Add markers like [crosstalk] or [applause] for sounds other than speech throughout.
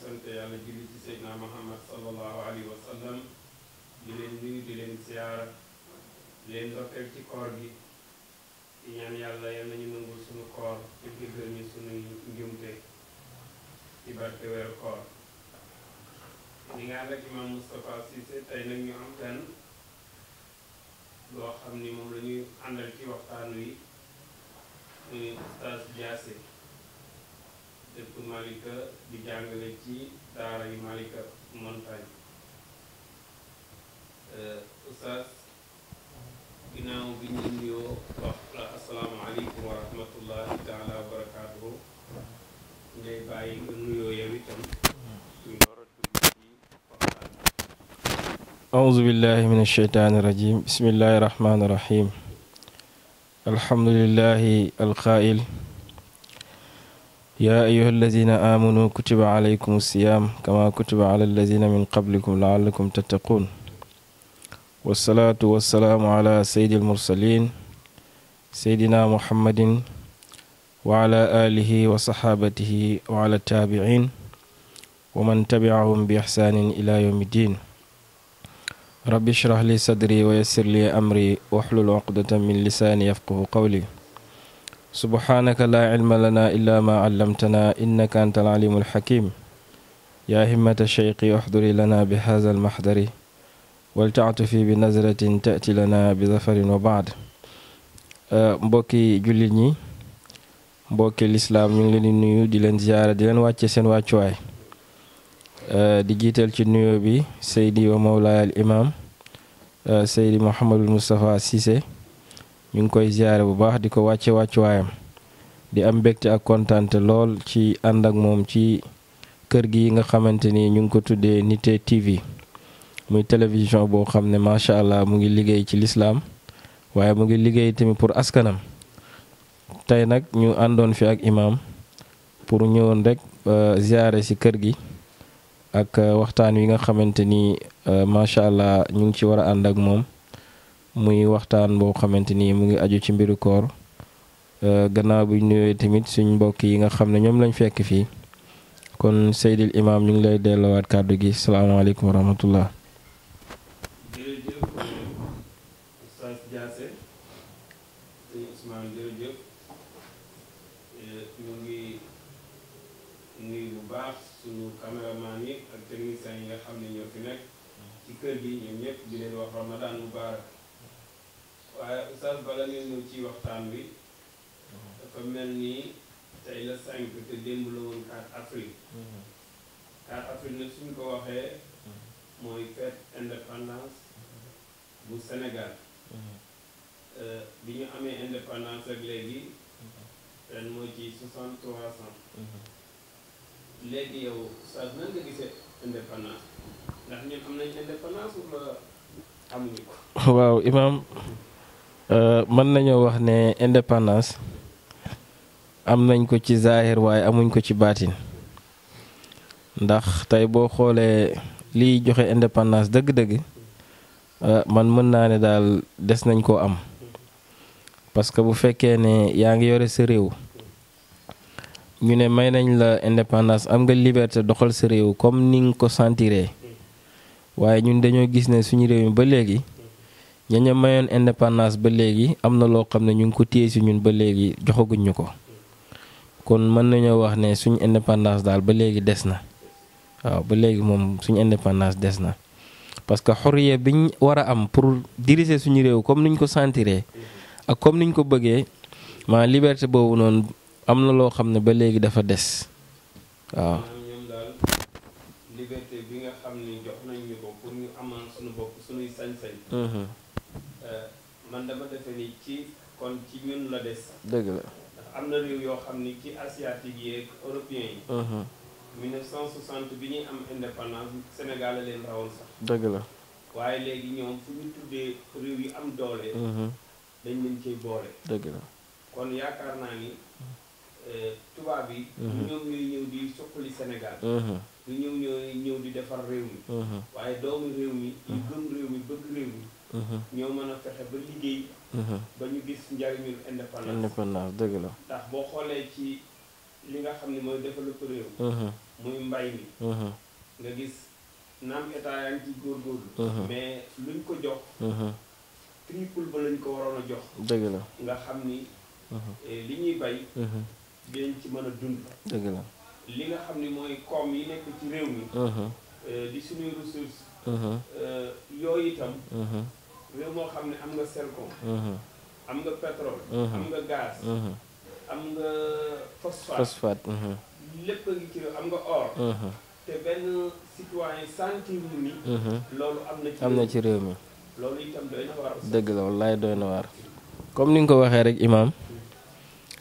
sant yàlla julli ci seydna muhammad sallallahu alayhi wa sallam di leen nuyu siyaara di leen ndokkeel ci koor gi ñaan yàlla yal nañu nangul suñu koor te jéggal ñu suñuy njumte ci barke koor li nga ànd imam Moustapha Cissé tey nag ñu am gan loo xam ni moom la ñuy àndal ci waxtaan wi muy Oustaz Diassé dëkk Malika di jàngale ci daara yu Malika montagne eh, oustaz ginnaaw bi ñu nuyoo wax la asalaamaaleykum wa rahmatullahi taala wa barakaatuhu ngay bàyyi nga nuyoo yow itam أعوذ بالله من الشيطان الرجيم بسم الله الرحمن الرحيم الحمد لله القائل يا أيها الذين آمنوا كتب عليكم الصيام كما كتب على الذين من قبلكم لعلكم تتقون والصلاة والسلام على سيد المرسلين سيدنا محمد وعلى آله وصحابته وعلى التابعين ومن تبعهم بإحسان إلى يوم الدين رب اشرح لي صدري ويسر لي أمري واحلل عقدة من لساني يفقه قولي سبحانك لا علم لنا إلا ما علمتنا إنك أنت العليم الحكيم يا همة الشيخ احضر لنا بهذا المحضر ولتعطف بنظرة تأتي لنا بظفر وبعد mbokki jullit ñi mbokki lislaam ñu ngi leen di nuyu di leen ziyaara di leen wàcce seen wàccuwaay di jiital ci nuyo bi seydi wa mawlaay al imaam seydi Mouhamadul Moustapha Cissé ñu ngi koy ziyaare bu baax di ko wàcce waayam di am mbégte ak kontaante lool ci ànd ak moom ci kër gi nga xamante ni ñu ngi ko tuddee Nité TV muy télévision boo xam ne macha allah mu ngi liggéey ci lislaam waaye mu ngi liggéey tamit pour askanam tey nag ñu àndoon fi ak imaam pour ñëwoon rek euh, ziyaare ci kër gi ak euh, waxtaan wi nga xamante ni euh, macha allah ñu ngi ci war a ànd ak moom. muy waxtaan boo xamante ni mu ngi aju ci mbiru koor euh, gannaaw bu nuyee tamit suñ mbokk yi nga xam ne ñoom lañu fekk fii kon Seydil Imaam ñu ngi lay delluwaat kàddu gi salaamaaleykum wa rahmatullah waaye oustaz bala ngeen ñëw ci waxtaan wi dafa mel ni tey la cinq te démb la woon 4 avril 4 mhm. avril nag suñ ko waxee mhm. mooy fête indépendance bu Sénégal mhm. euh, bi ñu amee indépendance ak léegi ren mooy ci 63 ans léegi yow oustaz nan nga gisee indépendance ndax ñun am nañ indépendance wala amuñu ko waaw imaam Euh, mën nañoo wax ne indépendance am nañ ko ci zaahir waaye amuñ ko ci baatin ndax tey boo xoolee liy joxe indépendance dëgg-dëgg euh, man mën naa ne daal des nañ koo am parce que bu fekkee ne yaa ngi yore sa réew ñu ne may nañ la indépendance am nga liberté doxal sa réew comme ni nga ko sentire waaye ñun dañoo gis ne suñu réew mi ba léegi ñaña mayoon indépendance ba léegi am na loo xam ne ñu ngi ko téye si ñun ba léegi joxaguñ ñu ko kon mën nañoo wax ne suñu indépendance daal ba léegi des na waaw ba léegi moom suñu indépendance des na parce que xorriya biñ war a am pour diriger suñu réew comme niñ ko sentiree ak comme niñ ko bëggee maa liberté boobu noonu am na loo xam ne ba léegi dafa des waaw. man dama defe ni ci kon ci ñun la des. dëgg la ndax am na réew yoo xam ni ci asiatique yi ak européens yi. 1960 bi ñuy am indépendance Sénégal a leen rawoon sax. dëgg la waaye léegi ñoom fu ñu tuddee réew yi am doole. dañ leen ci boole. dëgg la kon yaakaar naa ni e, tubaab yi. ñoom ñooy ñëw di suqali Sénégal. du ñëw ñëw di defar réew mi. waaye doomu réew mi. yu gëm réew mi bëgg réew mi. Mm-hmm. ñoo mën a fexe ba liggéey mm-hmm. ba ñu gis njariñul indépendance indépendance dëgg la ndax boo xoolee ci li nga xam ni mooy développé réew mm-hmm. mbay mi nga gis mais luñ ko jox triple ba lañ ko waroon a jox dëgg la nga xam ni eh, li ñuy bay dinañ ci mën a dund dëgg la li nga xam ni mooy koom yi nekk ci réew mi eh, di suñuy ressources eh, yooyu itam réew am na ci réew mi loolu dëgg la wallaay doy na waar comme ni nga ko waxee rek imaam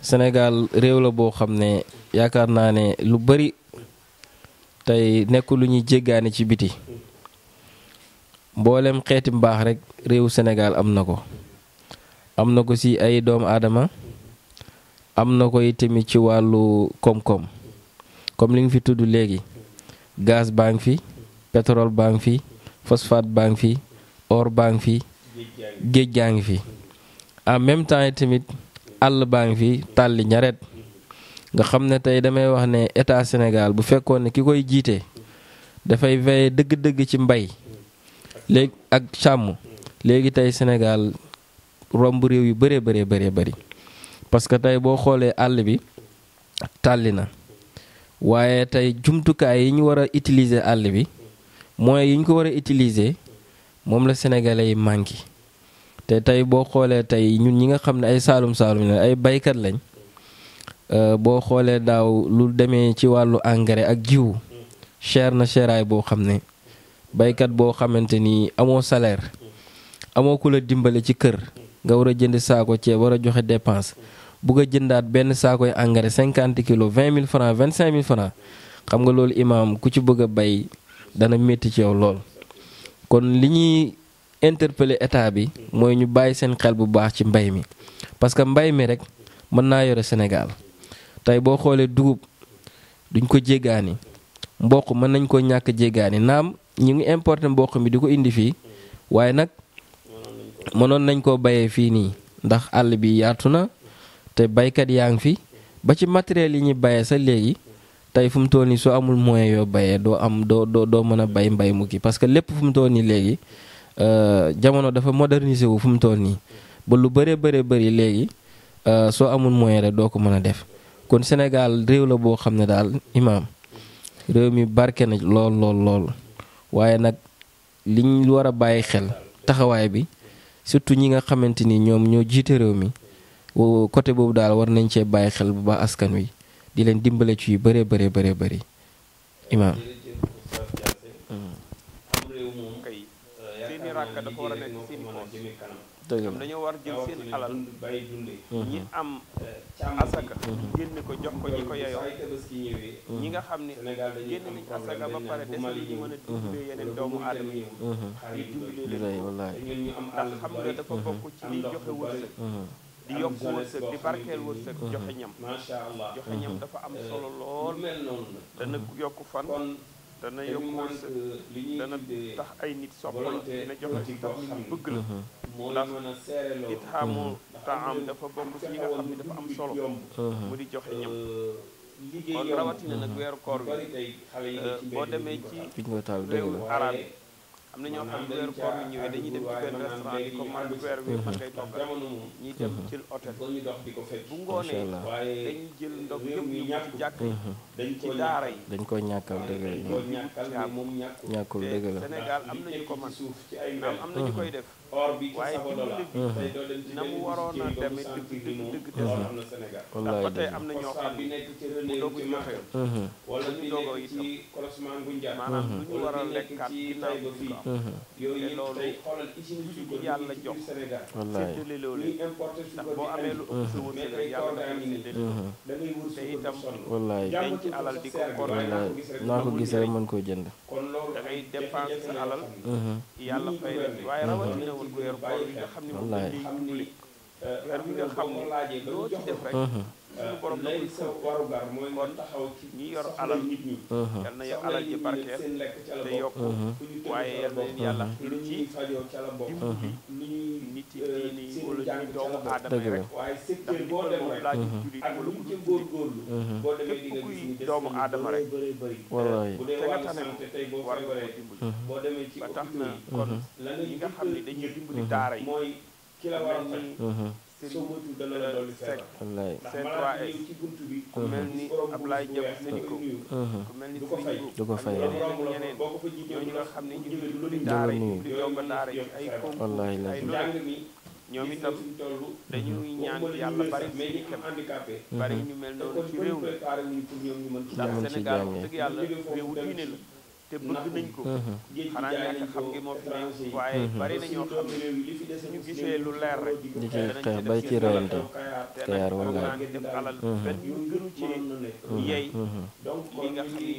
senegal réew la boo xam ne yaakaar naa ne lu bari tey nekk lu ñuy jéggaane ci biti mm. mboolem xeeti mbaax rek réewu Sénégal am na ko am na ko ci ay doomu aadama am na ko itamit ci wàllu koom-koom comme li nga fi tudd léegi gaz baa ngi fi pétrole baa ngi fi phosphate baa ngi fi or baa ngi fi géej gaa ngi fi en même temps tamit àll baa ngi fi tàlli ñaret nga xam ne tey damay wax ne état Sénégal bu fekkoon ne ki koy jiite dafay veiller dëgg-dëgg ci mbay léegi ak càmm léegi tey Sénégal romb réew yu bëree bëree bëree bëri parce que tey boo xoolee àll bi tàlli na waaye tey jumtukaay yi ñu war a utiliser àll bi mooy yi ñu ko war a utiliser moom la sénégalais yi manqué te tey boo xoolee tey ñun ñi nga xam ne ay saalum saalum lañ ay baykat lañ euh, boo xoolee daaw lu demee ci wàllu engrais ak jiwu cher na cheraay boo xam ne. baykat boo xamante ni amoo salaire amoo ku la dimbale ci kër nga war a jënd saako ceeb war a joxe dépense bugg a jëndaat benn saakoy engrais cinquante kilos vingt mille francs vingt cinq mille francs xam nga loolu imaam ku ci bëgg a bay dana métti ci yow lool kon li ñuy interpeller état bi mooy ñu bàyyi seen xel bu baax ci mbay mi parce que mbay mi rek mën naa yore Sénégal tey boo xoolee dugub duñ ko jéggaani mboq mën nañ ko ñàkk jéggaani naam ñu ngi importer mboq mi di ko indi fii waaye nag mënoon nañ koo bayee fii nii ndax àll bi yaatu na te baykat yaa ngi fi ba ci matériel yi ñuy bayee sa léegi tey fu mu toll nii soo amul moyen yoo bayee doo am doo doo mën a bay mbay mu kii parce que lépp fu mu toll nii léegi euh, jamono dafa moderniser wu fu mu toll nii ba lu bëree bëree bëri léegi euh, soo amul moyen rek doo ko mën a def kon Sénégal réew la boo xam ne daal imaam réew mi barke na lool lool lool. waaye nag liñ war a bàyyi xel taxawaay bi surtout ñi nga xamante ni ñoom ñoo jiite réew mi côté boobu daal war nañ cee bàyyi xel bu baax askan wi di leen dimbale ci yu bëree bëree bëree bëri imaam dëgg la dañoo war jël seen alal bàyyi ñi am euh, asaka génne ko jox ko ñi ko yeyoo ñi nga xam ni génn nañ asaka ba pare des na li ñu mën a dimbalee yeneen doomu aadama yi di dimbalee leen wallaay ndax xam nga dafa bokk ci liy joxe wërsëg di yokk wërsëg di barkeel wërsëg joxe ñam joxe ñam dafa am solo euh, lool dana yokk fan dana yokk wërsëg euh, dana tax ay nit sopp la dina joxe tax nit ñi bëgg la ndax it xaamu taam dafa bokk ci yi nga xam ne dafa am solo mu di joxe ñam kon rawatina nag weeru koor bi euh, boo demee ci réewu arab am na ñoo xam ne weeru koor yu ñëwee dañuy dem ci benn restaurant di ko man weer wi man ngay toggal ñuy dem ci hôtel bu ngoonee dañuy jël ndox jàkk yi mhm. daara yi dañ ko ñàkkal dëgg la ñàkkul dëgg la Sénégal am nañu ko man am am nañu koy mhm. def or bi ci Sabodala la tey doo dem ci na mu waroon a demee dëgg dëgg dëgg te am na Sénégal ndax ba am na ñoo xam bi nekk ci relais ci bu mm-hmm. mm-hmm. njaar maanaam lu mm-hmm. ñu a ba fii yooyu loolu xoolal yàlla jox Sénégal séddale loolu ndax boo amee lu ëpp sa wërsëg rek yàlla dafay séddale da ngay wër te itam wallaay ci alal di ko kontaan naa ko gis rek mën koo jënd da ngay alal yàlla fay rek waaye rawatina woon weeru koor yi nga xam ne moom la ñuy julli weer bi nga xam suñu euh, borom lay sa warugar mooy nga taxaw ci ñi yor alal nit ñi yal na yor alal ji barkeel te yokku waaye yal na leen yàlla xiir ci dimbali euh, nit yi ni wala ñu doomu aadama yi rek ndax li ko moom laa ci jullit wala ku dul jullit képp kuy doomu aadama rek wallaay te nga tane ko war nga ko dimbali ba tax na kon ñi nga xam ne dañuy dimbali daara yi mel ni soo moytuwul dana la dolli feebar. wallaay c 3 ku mel ni Ablaye Diaw Sédiko. ku mel ni Serigne du ko fay ñeneen ñooñu nga xam ne ñu ngi di daara yi di donga daara yi ay concours ay njàng mi ñoom itam dañuy ñaan yàlla bari mais ñi am handicapé bari ñu mel noonu ci réew mi ndax Sénégal dëgg yàlla réewu diine la te bëgg nañ ko xanaa ñàkk xam ngi moo fi ne waaye bari na ñoo xam ne suñu gisee lu leer rek ñu ci xeex bay ci reyante kayaar wala naa ñu gënu ne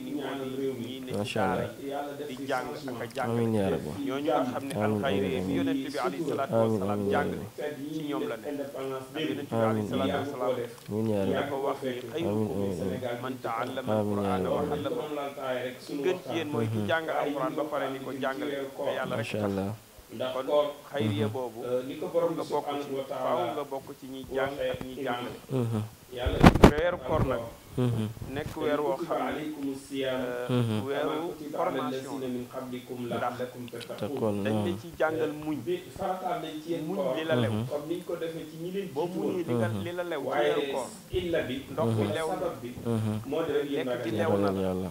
ni moo di di jàng ak a jàng ñooñu nga xam ne alxayri bi yonent bi alayhi salaatu wasalaam jàng ci ñoom la ne yonent bi alayhi salaatu ko man taallama alquraan wa allama gën ci yéen mooy ki mhm. jàng alxuraan ba pare ni ko jàngale te yàlla rek allah kon xayriya boobu mhm. nga bokk ci faaw nga bokk ci ñi jàng ak ñi mhm. weeru koor nag nekk weeru euh, formation ndax dañ la ci jàngal euh, muñ muñ li la lew boo muñee li la lew ci weeru koor ndox lew na lekk lew na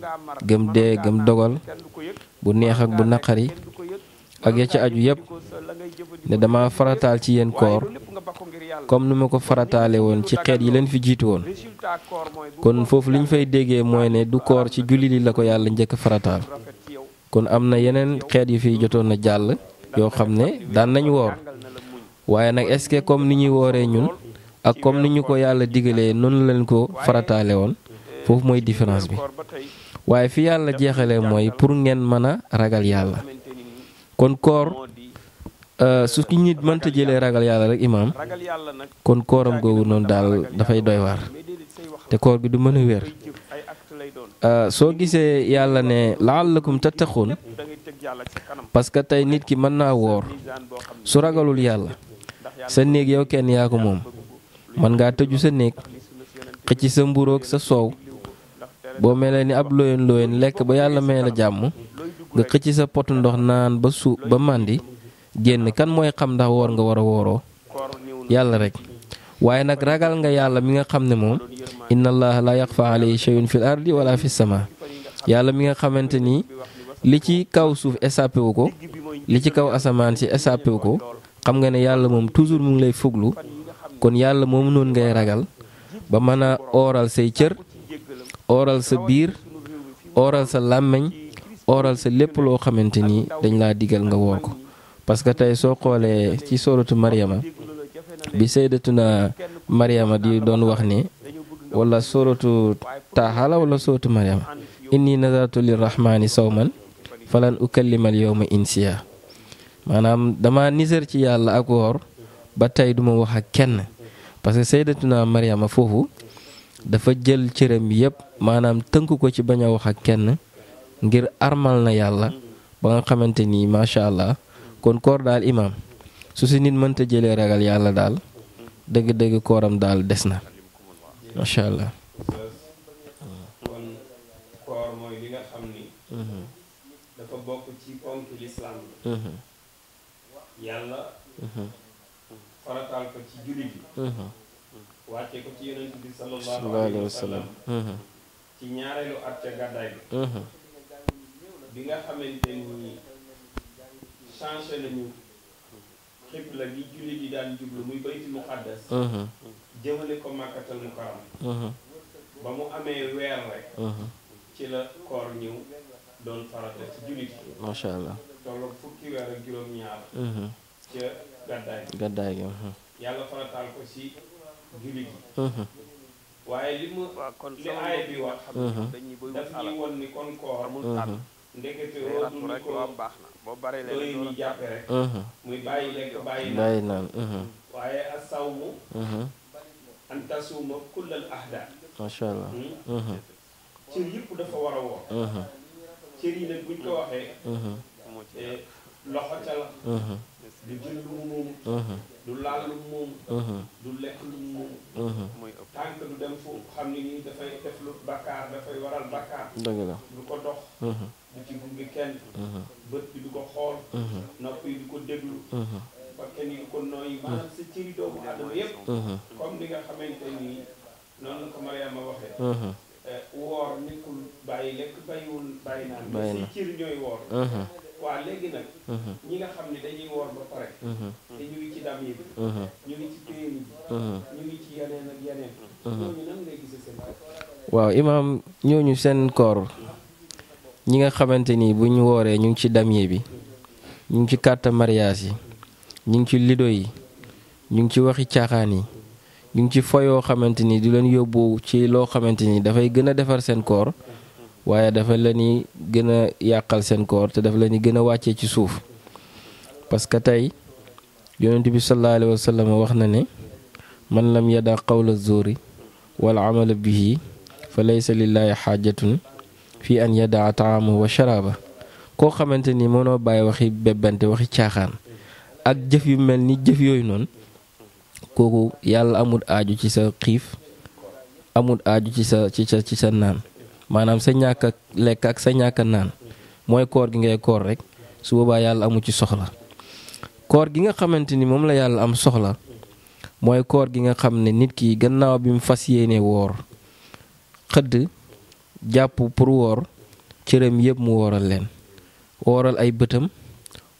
gëm dee gëm dogal bu neex ak bu naqari ak ya ca aju yépp ne dama farataal ci yéen koor comme nu ma ko farataale woon ci xeet yi leen fi jiitu woon kon foofu li ñu fay déggee mooy ne du koor ci julli li la ko yàlla njëkk farataal kon am na yeneen xeet yu fi jotoon na jàll yoo xam ne daan nañu woor waaye nag est-ce que comme ni ñuy wooree ñun ak comme ni ñu ko yàlla digalee noonu leen ko farataale woon foofu mooy différence bi waaye fi yàlla jeexalee mooy pour ngeen mën a ragal yàlla kon koor euh, su ki nit mënta jëlee ragal yàlla rek imaam kon kooram googu noonu daal dafay doy war te koor gi du mën a wér euh, soo gisee yàlla ne laallakum tattaxun parce que tey nit ki mën naa woor su ragalul yàlla sa néeg yow kenn yaa ko moom mën ngaa tëju sa néeg xëcc sa mburoog sa soow boo melee ni ab looyeen looyeen lekk ba yàlla may la jàmm nga xëcc sa potu ndox naan ba su ba màndi génn kan mooy xam ndax woor nga war a wooroo yàlla rek waaye nag ragal nga yàlla mi nga xam ne moom inna allaha la yaxfa alayhi shay'un sama yàlla mi nga xamante ni li ci kaw suuf échappé ko li ci kaw asamaan si échappé ko xam nga ne yàlla moom toujours mu ngi lay fuglu kon yàlla moo mënoon ngay ragal ba mën a ooral say cër ooral sa biir ooral sa làmmiñ ooral sa lépp loo xamante ni dañ laa digal nga woor ko parce que tey soo xoolee ci sooratu Mariama bi sayyidatuna Mariama di doon wax ne wala sooratu taaxala wala sooratu Mariama inni nazartu lirrahmani sawman falan ukallimal yawma insiya maanaam dama niser ci yàlla ak woor ba tey duma wax ak kenn parce que sayyidatuna Mariama foofu dafa jël cërëm yépp maanaam tënk ko ci bañ a wax ak kenn ngir armal na yàlla ba nga xamante ni macha allah kon koor daal imaam su si nit mënta jëlee ragal yàlla daal dëgg-dëgg kooram daal des na macha allah. Yalla. Mhm. o ko ci yonent bi sallallahu alayhi wa sallam ci ñaareelu at ca gàddaay bi bi nga xamante ni changé nañu xibla gi jullit yi macha allah tolloog fukki weer Gadai. juróom jullit yi mhm. waaye li mu li aay bi wax mhm. daf ñuy won ni kon koor mhm. ndekete woo du ni ko doy ni jàppe rek muy bàyyi lekk bàyyi naan waaye asawmu an tasuma kullal ahda macha allah hmm? cër yëpp dafa war a woor cër yi nag buñ ko waxee loxo ca la mu moom du laal lu moom uh-huh. du lekk lu moom uh-huh. mooy ëpp tànk du dem fu xam ne nii dafay def lu bakkaar dafay waral bakkaar dëgg la du ko dox uh-huh. du ci gunge kenn bët bi du ko xool nopp yi du ko déglu ba kenn yi ko nooyi maanaam sa cëri doomu adama yépp comme ni nga xamante nii noonu ko Mariama waxee eh, woor nekkul bàyyi lekk bàyyiwul bàyyi naan mais say cëri ñooy woor waaw léegi nag. Mhm. Mhm. Mhm. seen waaw imaam ñooñu seen koor ñi nga xamante ni bu wooree ñu ngi ci damier bi ñu ngi ci carte mariage yi ñu ngi ci lido yi ñu ngi ci waxi caaxaan yi ñu ngi ci foyoo xamante ni di leen yóbbu ci loo xamante ni dafay gën a defar seen koor. waaye dafa la ni gën a yàqal seen koor te dafa la ni gën a wàccee ci suuf parce que tey yonent bi sallallahu alayhi wax na ne man lam yada qawla zuri wala amala bihi fa laysa lillahi xaajatun fii an yadaa taamahu wa sharaaba koo xamante ni mënoo bàyyi waxi bebbante waxi caaxaan ak jëf yu mel ni jëf yooyu noonu kooku yàlla amul aaju ci sa xiif amut aaju ci sa ci ci sa naan maanaam sa ñàkk a lekk ak sa ñàkk naan mooy koor gi ngay koor rek su boobaa yàlla amu ci soxla koor gi nga xamante ni moom la yàlla am soxla mooy koor gi nga xam ne nit ki gannaaw bi mu fas yéene woor xëdd jàpp pour woor cëram yépp mu wooral leen wooral ay bëtam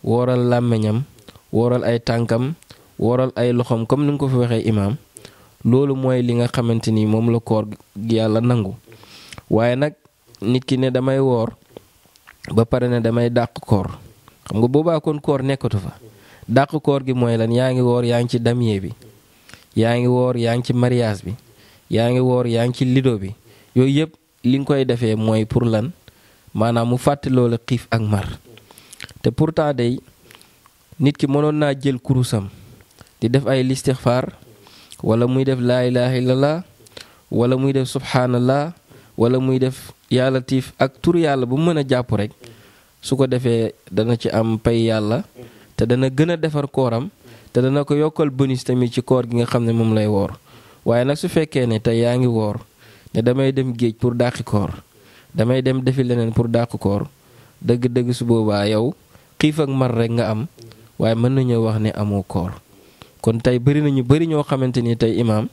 wooral làmmiñam wooral ay tànkam wooral ay loxoom comme ni nga ko fi waxee imaam loolu mooy li nga xamante ni moom la koor gi yàlla nangu waaye nag nit ki ne damay woor ba pare ne damay dàq koor xam nga boobaa kon koor nekkatu fa dàq koor gi mooy lan yaa ngi woor yaa ngi ci damier bi yaa ngi woor yaa ngi ci mariage bi yaa ngi woor yaa ngi ci lido bi yooyu yëpp li nga koy defee mooy pour lan maanaam mu fàtte loola xiif ak mar te pour pourtant day nit ki mënoon naa jël kurusam di def ay listixfaar wala muy def laa ilaha illallah wala muy def subhanallah wala muy def yaa latiif ak tur yàlla bu mën a jàpp rek su ko defee dana ci am pay yàlla te dana gën a defar kooram te dana ko yokkal bonus tamit ci koor gi nga xam ne moom lay woor waaye nag su fekkee ne tey yaa ngi woor ne damay dem géej pour dàqi koor damay dem defi leneen pour dàq koor dëgg-dëgg su boobaa yow xiif ak mar rek nga am waaye mën nañoo wax ne amoo koor kon tey bëri nañu bëri ñoo xamante ni tey imaam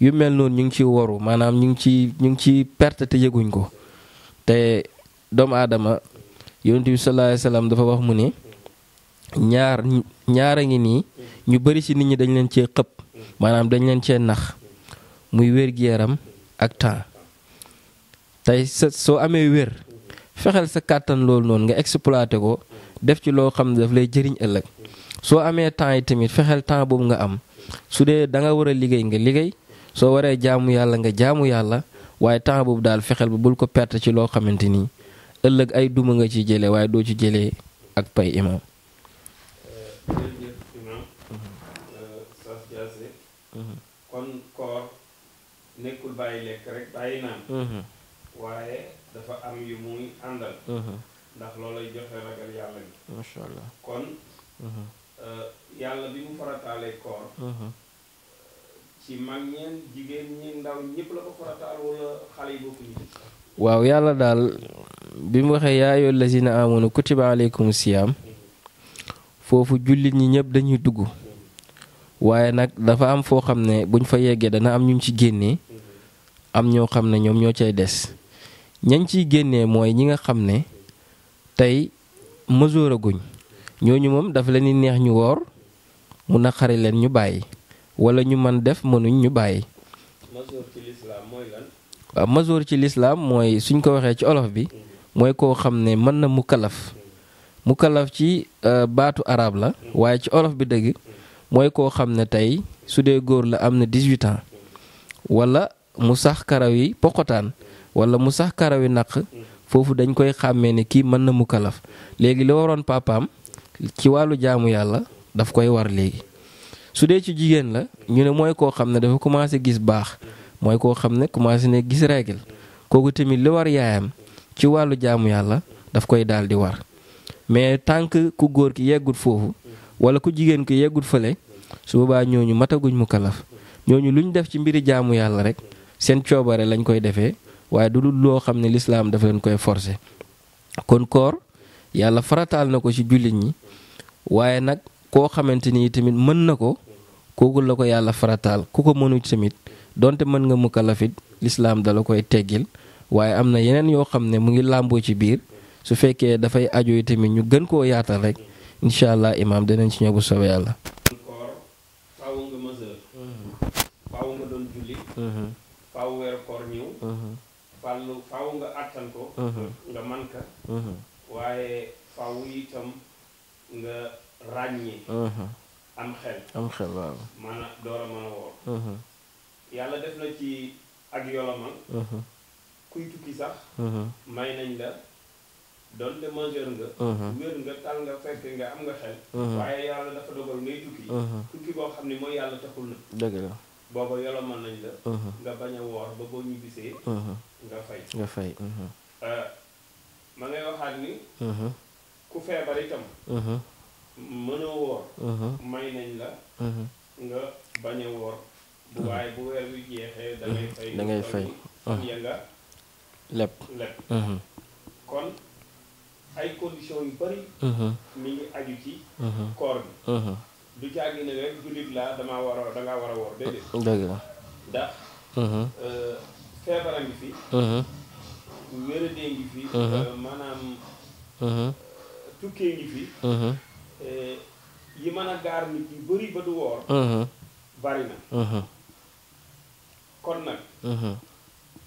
yu mel noonu ñu ngi ciy waru maanaam ñu ngi ciy ñu ngi ciy perte te yëguñ ko te doomu aadama yonent bi sallallahu dafa wax mu ne ñaar a ngi nii ñu bari si nit ñi dañ leen cee xëpp maanaam dañ leen cee nax muy wér-gi-yaram ak temps tey sa soo amee wér fexeel sa kàttan loolu noonu nga exploité ko def ci loo xam ne daf lay jëriñ ëllëg soo amee temps yi tamit fexeel temps boobu nga am su dee da nga war a liggéey nga liggéey soo waree jaamu yàlla nga jaamu yàlla waaye temps boobu daal fexeel ba bul ko perte ci loo xamante ni ëllëg ay duma nga ci jële waaye doo ci jële ak pay imaam. Euh, mhm. kon koor nekkul bàyyi lekk rek bàyyi naan. Mhm. waaye dafa am yu muy àndal. Mhm. ndax loolay joxe ragal yàlla gi. macha allah kon. Euh, yàlla bi mu farataalee koor. ci waaw yàlla daal bi mu waxee yaa ayyuhal lazina aamanu kutiba aleykum siyaam foofu jullit ñi ñëpp dañuy dugg waaye nag dafa am foo xam ne buñ fa yeggee dana am ñu ci génnee am ñoo xam ne ñoom ñoo cay des ñañ ciy génnee mooy ñi nga xam ne tey mësoor aguñ ñooñu moom dafa leen di neex ñu woor mu naqari leen ñu bàyyi wala ñu man def mënuñ ñu bàyyi. mazoor ci lislaam mooy suñ ko waxee ci olof bi. mooy koo xam ne mën na mu kalaf. mu kalaf ci euh, baatu araab la. waaye ci olof bi dëgg. mooy koo xam ne tey su dee góor la am na 18 ans. walla mu sax karaw yi poqotaan. wala mu sax karaw yi naq. foofu dañ koy xàmmee ne kii mën na mu kalaf léegi li waroon papaam ci wàllu jaamu yàlla daf koy war léegi su dee ci jigéen la ñu ne mooy koo xam ne dafa commencé gis baax mooy koo xam ne commencé ne gis règle kooku tamit li war yaayam ci wàllu jaamu yàlla daf koy daal di war mais tànk ku góor ki yeggut foofu wala ku jigéen ki yeggut fële su boobaa ñooñu mataguñ mu kalaf ñooñu lu ñu def ci mbiri jaamu yàlla rek seen coobare lañ koy defee waaye du dul loo xam ne lislaam dafa leen koy forcer kon koor yàlla farataal na ko ci jullit ñi waaye nag koo xamante ni tamit mën na ko kooku la ko yàlla farataal ku ko mënu tamit donte mën nga mukkalafit lislaam da la koy teggil waaye am na yeneen yoo xam ne mu ngi làmboo ci biir su fekkee dafay ajooy tamit ñu gën koo yaatal rek incha allah imaam danañ ci ñëw bu soobee yàlla. Mhm. nga man ka. Mhm. waaye faaw itam nga. ràññee. Mhm. am xel. am xel waaw. maanaam door a mën a woor. Mhm. yàlla def na ci ak yolomal. Mhm. kuy tukki sax. may nañ la donte majeur nga. wér nga tal nga fekk nga am nga xel. waaye yàlla dafa dogal ngay tukki. tukki boo xam ne mooy yàlla taxul na. dëgg la booba yolomal nañ la. nga bañ a woor ba boo ñibbisee. nga fay nga fay. Euh, ma ngay waxaat ni. ku feebar itam. mën woor uh-huh. may nañ la uh-huh. nga bañ woor bu uh-huh. waaye bu weer wi jeexee da fay da fay kon ay conditions yu bëri mi ngi aju ci koor bi du jàggi ne rek jullit laa damaa war a war a woor déedéet dëgg la ndax euh, ngi fi wéradee ngi fi euh, maanaam tukkee ngi fi Eh, yi man a gaar nit yu bëri ba du woor uh-huh. bari na uh-huh. kon nag uh-huh.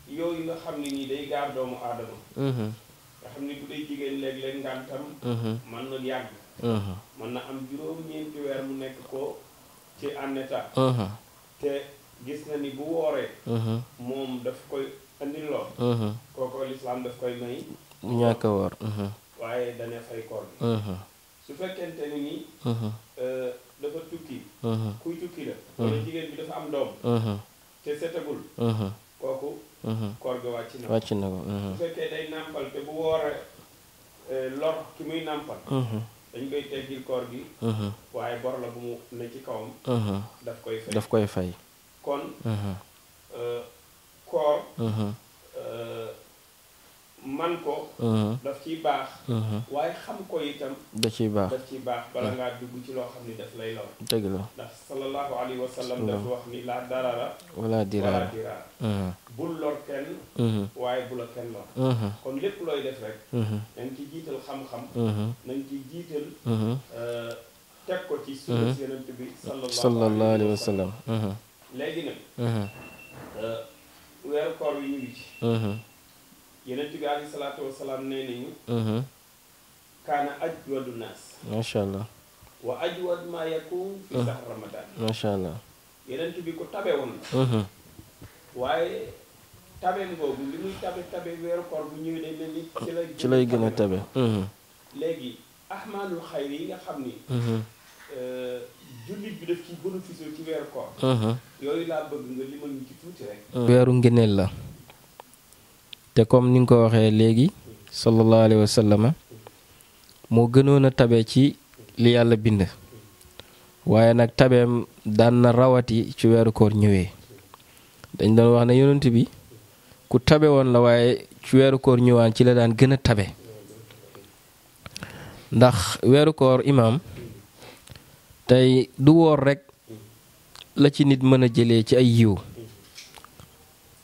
yooyu nga xam ne nii day gaar doomu aadama nga xam ne bu dee jigéen léeg-léeg ngantam mën na yàgg mën na am juróom-ñeenti weer mu nekk ko ci en te gis na ni bu wooree moom daf koy andil lor lislaam daf koy may ñàkk woor waaye dana fay koor su fekkente ni nii uh-huh. euh, dafa tukki uh-huh. kuy tukki la uh-huh. wala jigéen bi dafa am doom te setagul kooku koor gi wàcc na wàcc na ko su fekkee day nàmpal te bu woore euh, lor ki muy nàmpal dañ koy teggil koor gi waaye bor la bu mu ne ci kawam daf koy fay daf koy fay kon euh, koor man ko. Uh-huh. daf ciy baax. Uh-huh. waaye xam ko itam. da ciy baax daf ciy baax bala ngaa dugg ci loo xam ni daf lay lor. dëgg la ndax sallallahu alayhi wa sallam dafa wax uh-huh. bul lor kenn. waaye kon lépp looy def rek. nañ ci jiital xam-xam. nañ ci jiital. Uh, teg ko ci sunna yonent bi. sallallahu alayhi wa léegi nag. Uh, weeru koor yi ñu ci. yonent bi alayhi salaatu wasalaam nee nañu mhm. kaana ajwadu naas macha allah wa ajwad maa yakun fi ah. sax ramadan macha allah yonent bi ku tabe woon la mhm. waaye tabeem boobu li muy tabe tabe weeru koor bu ñëwee day ni ci lay gën a tabe mhm. léegi ahmaanul xayr yi nga xam ni euh, jullit bi daf ci bénéfice ci weeru koor yooyu laa bëgg nga limal ñu ci tuuti rek weeru ngëneel la te comme ni nga ko waxee léegi sallallahu alayhi wa sallam moo gënoon a tabe ci li yàlla bind waaye nag tabeem daan na rawati ci weeru koor ñëwee dañ doon wax ne yonent bi ku tabe woon la waaye ci weeru koor ñëwaan ci la daan gën a tabe ndax weeru koor imaam tey du woor rekk la ci nit mën a jëlee ci ay yiw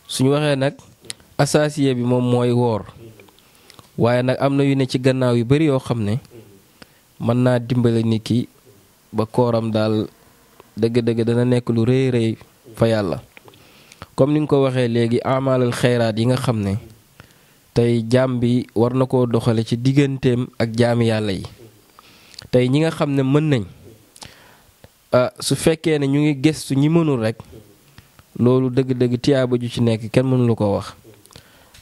suñu waxee nag assasiye bi moom mooy woor waaye nag am na yu ne ci gannaaw yu bari yoo xam ne mën naa dimbale nit ki ba kooram daal dëgg-dëgg dana nekk lu rëy rëy fa yàlla comme ni nga ko waxee léegi amaalal xayraat yi nga xam ne tey jaam bi war na koo doxalee ci digganteem ak jaami yàlla yi tey ñi nga xam ne mën nañ ah, su fekkee ne ñu ngi gëstu ñi mënul rekk loolu dëgg-dëgg tiyaaba ju ci nekk kenn mënula lu ko wax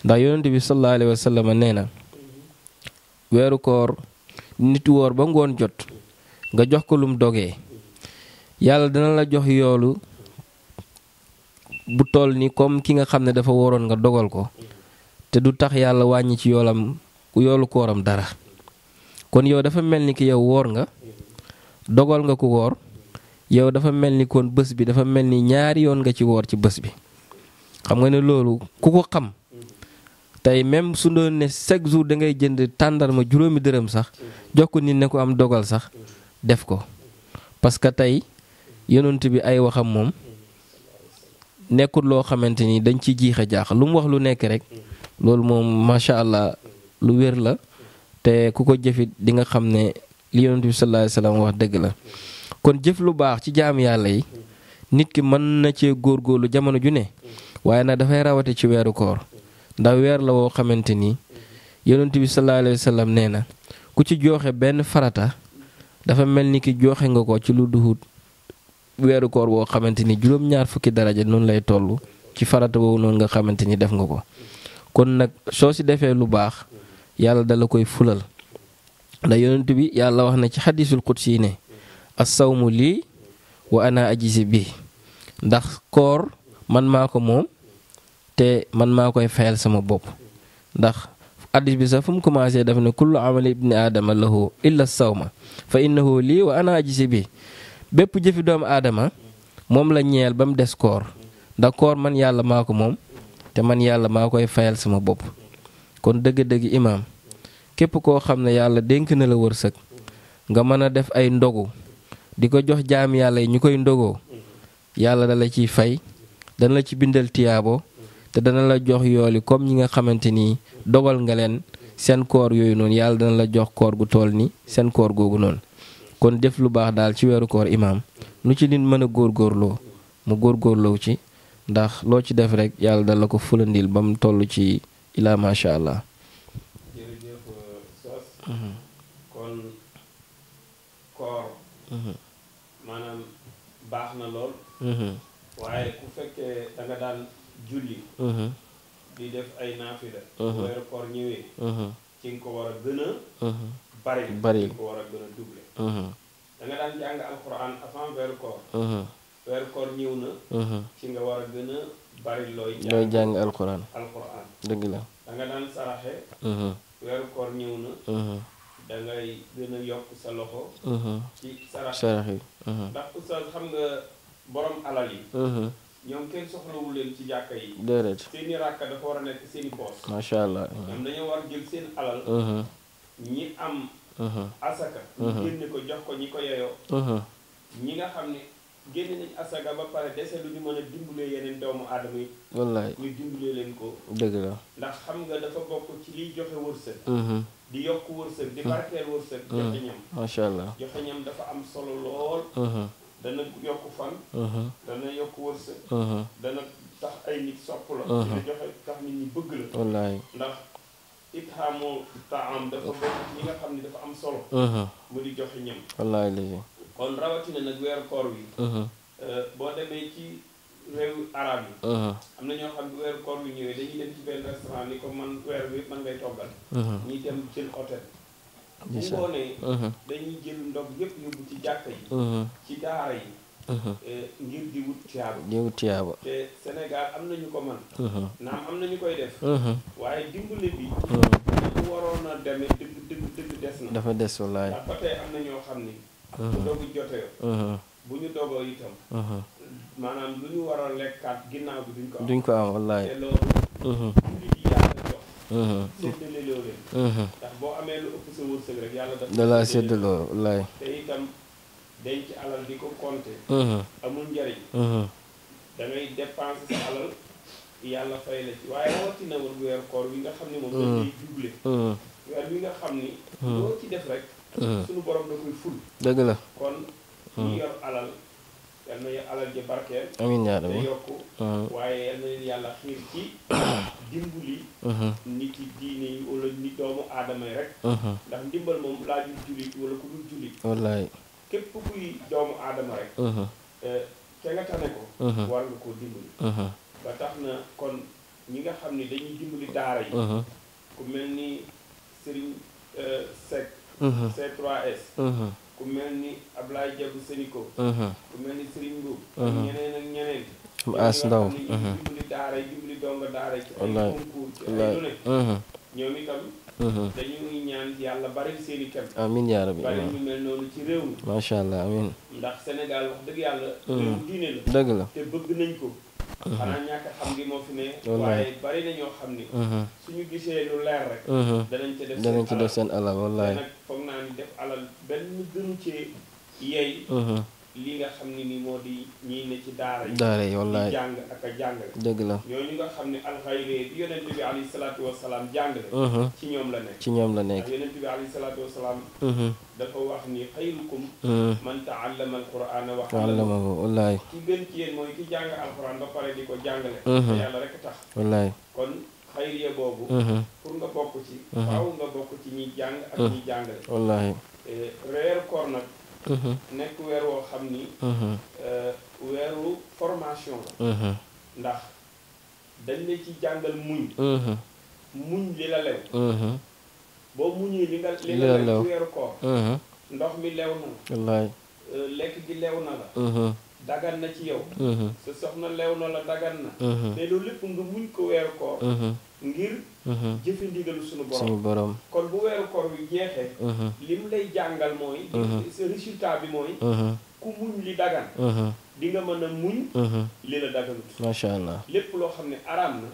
ndax yonent bi sallallahu alayhi wa nee na weeru koor nit woor ba ngoon jot nga jox ko lum dogee yàlla dana la jox yoolu bu toll ni comme ki nga xam ne dafa wóoroon nga dogal ko te du tax yàlla wàññi ci yoolam yoolu kooram dara kon yow dafa mel ni ki yow woor nga dogal nga ku woor yow dafa mel ni kon bés bi dafa mel ni ñaari yoon nga ci woor ci bës bi xam nga ne loolu ku ko xam tey même su doon ne chaque jour da ngay jënd tàndarma juróomi dërëm sax jox ko nit ne ko am dogal sax def ko parce que tey yonent bi ay waxam moom nekkul loo xamante ni dañ ci jiix a jaax lu mu wax lu nekk rek loolu moom macha allah lu wér la te ku ko jëfit di nga xam ne li yonent bi sallallahu alayhi wax dëgg la kon jëf lu baax ci jaam yàlla yi nit ki mën na cee góorgóorlu jamono ju ne waaye nag dafay rawate ci weeru koor ndax weer la woo xamante ni yonent bi sallallahu alayhi wa nee na ku ci jooxe benn farata dafa mel ni ki jooxe nga ko ci lu duhut weeru koor woo xamante ni juróom-ñaar fukki daraja noonu lay toll ci farata boobu noonu nga xamante ni def nga ko kon nag soo si defee lu baax yàlla dala koy fulal ndax yonent bi yàlla wax na ci xadiisul xudsi yi ne mu lii wa ana ajisi bi ndax koor man maa ko moom te man maa koy fayal sama bopp ndax addis bi sax fu mu commencé daf ne kullu amali ibni aadama lahu illa ma fa innahu lii wa ana ajisi bi bépp jëfi doomu aadama moom la ñeel ba mu des koor ndax koor man yàlla maa ko moom te man yàlla maa koy fayal sama bopp kon dëgg-dëgg imaam képp koo xam ne yàlla dénk na la wërsëg nga mën a def ay ndogu di ko jox jaam yàlla yi ñu koy ndogoo yàlla dala ciy fay dana la ci bindal tiyaabo te dana la jox yool yi comme ñi nga xamante ni dogal nga leen seen koor yooyu noonu yàlla dana la jox koor gu tool ni seen koor googu noonu kon def lu baax daal ci weeru koor imaam lu ci nit mën a góorloo mu góorgóorloo ci ndax loo ci def rek yàlla dal la ko fulandil ba mu toll ci ilaa macha allah. jërëjëf euh, julli uh-huh. di def ay naafila uh-huh. weeru ñëwee uh-huh. ci nga ko war a gën a bari bari ci daan jàng alxuraan avant weeru koor ñëw na ci nga war a gën a bari looy looy jàng alxuraan alxuraan dëgg la da daan saraxe weeru ñëw na da gën a yokk sa loxo ci sarax sarax yi ndax xam nga borom alal yi ñoom kenn soxlawul leen ci jàkka yi. déedéet seen i ràkka dafa war a nekk seen i poos. macha allah ñoom dañoo war jël seen alal. Uh-huh. ñi am. Uh-huh. asaka. ñu uh-huh. génne ko jox ko ñi ko yeyoo. ñi nga xam ne génne nañ asaka ba pare dese lu di mën a yeneen doomu aadama yi. wallaay ñu dimbalee leen ko. dëgg la ndax xam nga dafa bokk ci liy joxe wërsëg. di yokk wërsëg di barkeel wërsëg. joxe ñam macha allah joxe ñam dafa am solo lool. dana yokk fan uh-huh. dana yokk wërsëg uh-huh. dana tax ay nit sopp la uh-huh. dina joxe tax nit ñi bëgg la wallaay ndax itxaamu taam dafa bokk ñi nga xam ne dafa am solo mu di joxe ñam wallaay léegi kon rawatina nag weeru koor wi euh, boo demee ci réew arab yi am na ñoo xam ne weeru wi ñëwee dañuy dem ci benn restaurant ni ko man weer bi man ngay toggal ñuy dem jël hôtel bu ngoonee uh-huh. dañuy jël ndox yëpp yóbbu ci jàkka yi uh-huh. ci daara yi uh-huh. eh, ngir di wut tiyaaba di wut tiyaaba te Sénégal am nañu ko man naam am nañu koy def waaye dimbali bi ñu dafa des wallaay ba tey am na ñoo xam ni bu jotee bu ñu dogoo itam maanaam lu ñu war a lekkaat ginnaaw bi duñ ko am duñ ko am wallaay séddale loo leen ndax boo amee lu ëpp sa wërsëg rek yàlla daf dalaa séddaloo wallaay te itam denc alal di ko compté amul njariñ da ngay dépenser sa alal yàlla fay la ci waaye rawatina war weer koor wi nga xam ne moom dañ koy juble weer wi nga xam ni loo ci def rek suñu borom da koy ful dëgg la kon ñu yor alal yal na alal ji barkeel. amiin yaa rabbi te yokku. waaye yal na leen yàlla xiir ci [coughs] dimbali. Mhm. nit yi diine yi wala nit doomu aadama yi rek. Mhm. ndax ndimbal moom laajul jullit wala ku dul jullit. wallaay képp kuy doomu aadama rek. Mhm. Eh, te ko. war nga koo dimbali. ba tax na kon ñi nga xam ne dañuy dimbali daara yi. ku mel ni Serigne eh, Seck. C3S. ku mel ni Ablaye Jabu Seniko uh-huh. ku mel ni Serigne Mbuub ak uh-huh. as ndaw jubli uh-huh. daara jubli donga daara ci ay concours ci ay lu ne ñoom itam dañuy ñaan yàlla bari seen i kem amiin yaa rabbi bari ñu mel noonu ci réew mi allah amiin ndax Sénégal wax dëgg yàlla la dëgg la te bëgg nañ ko xanaa ñàkk xam gi moo fi ne waaye bari na xam ni mhm. suñu gisee lu leer rek mhm. danañ ci def seen alal wallaay nag foog naa ni def alal benn gënu ci yey mhm. li nga xam ne ni moo di ñii ne ci daara yi daara yi wallaay a jàngale dëgg la ñooñu nga xam ne alxayre bi yonent bi alayhi salaatu wasalaam jàngale uh-huh. ci la nekk ci ñoom la nekk yonent bi alayhi salaatu wasalaam uh-huh. dafa wax ni xayrukum uh-huh. man taallama wa allamahu wallaay ki gën ci yéen mooy ki jàng alquran ba pare ko jàngale te yàlla rek tax wallaay kon xayriya boobu pour nga bokk ci faaw nga bokk ci ñi jàng ak ñi jàngale wallaahi eh, reer koor nag Mm-hmm. nekk weer woo xam ni mm-hmm. euh, weeru formation mm-hmm. ndax dañ la ci jàngal muñ muñ li la lew boo muñee li nga li la lew ci weeru koor ndox mi lew na la euh, lekk gi lew na la dagan na ci yow mm-hmm. sa soxna lew na la dagan na mais mm-hmm. loolu lépp nga muñ ko weeru koor mm-hmm. ngir jëfe ndigalu suñu borom kon bu weeru koor yu jeexee li lay jàngal mooy sa résultat bi mooy ku muñ li dagan di mën a muñ li la daganut macha allah lépp loo xam ne araam na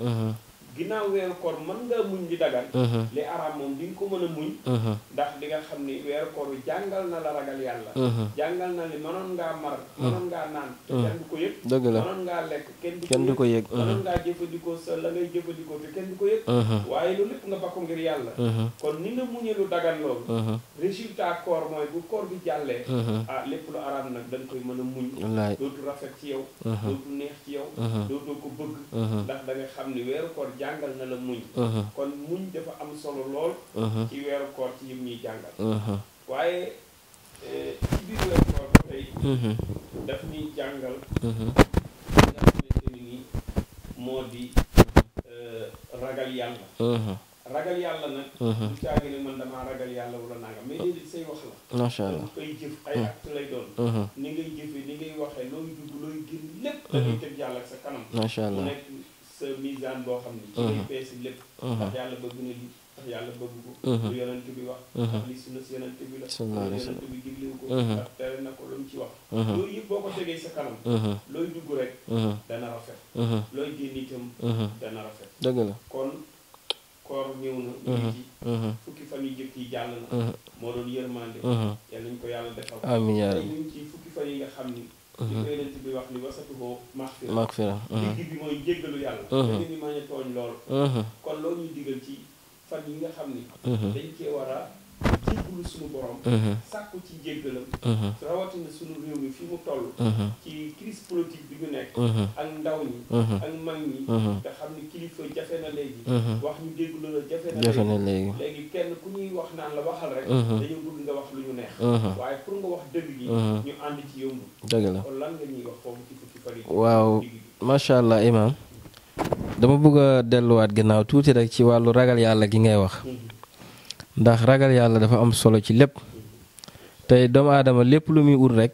ginnaaw weeru koor mën ngaa muñ di dagan uh-huh. li araam moom di nga ko mën a muñ uh-huh. ndax di nga xam ni weeru koor bi jàngal na la ragal yàlla uh-huh. jàngal na li mënoon ngaa mar mënoon ngaa naan te kenn du ko yëg dëgg la mënoon ngaa lekk kenn du ko yëg mënoon ngaa jëfandikoo sa la ngay jëfandikoo te kenn du ko yëg waaye lu lépp nga bakko ngir yàlla kon ni nga muñee lu dagan loolu résultat koor mooy bu ah, mën a muñ dootu rafet ci yow dootu neex ci yow dootoo ko bëgg ndax da xam ni weeru koor jàngal na la muñ uh-huh. kon muñ dafa am solo lool uh-huh. ci weeru koor ci yim ñuy jàngal uh-huh. waaye eh, ci biir weeru koor ba daf ñuy jàngal moo di eh, ragal yàlla ragal yàlla nag du caagi ne man damaa ragal yàlla wala nanga mais déedéet say wax la macha allah koy allah sa misaan boo xam ne. Mhm. ci lay peese lépp. Mhm. ndax yàlla bëgg na lii ndax yàlla bëgg ko. Mhm. lu yonent bi wax. ndax li sunna si yonent bi la. ndax yonent bi digliwu ko. ndax tere na ko lu mu ci wax. loolu yëpp boo ko tegee sa kanam. looy dugg rek. dana rafet. looy génn itam. dana rafet. dëgg la kon koor ñëw na. ñu ngi fukki fan yu njëkk yi jàll na. moo doon yërmande. yal nañu ko yàlla defal. amiin yaa rabbi ñu ci fukki fan yi nga xam ni. li mhm. ko yeneen bi wax ni wasatu ko maxfira maxfira mhm. digg bi mooy jéggalu yàlla te ni ma tooñ lool mhm. kon loolu ñuy ci fan yi nga xam ni dañ cee war a jéggalu suñu borom mhm. sàkku ci jéggalam mhm. rawatina suñu réew mi fi mu toll mhm. ci crise politique bi ñu nekk ak ndaw ñi ak mag ñi nga xam ne kilifa jafe na léegi wax ñu dégglu la jafe na léegi léegi kenn ku ñuy wax naan la waxal rek dañu bëgg nga wax lu ñu neex waaye pour nga wax dëgg ñu ànd ci yëngu dëgg waaw macha allah imam dama bëgg a delluwaat ginnaaw tuuti rek ci wàllu ragal yàlla gi ngay wax ndax ragal yàlla dafa am solo ci lépp tey doomu aadama lépp lu muy ut rek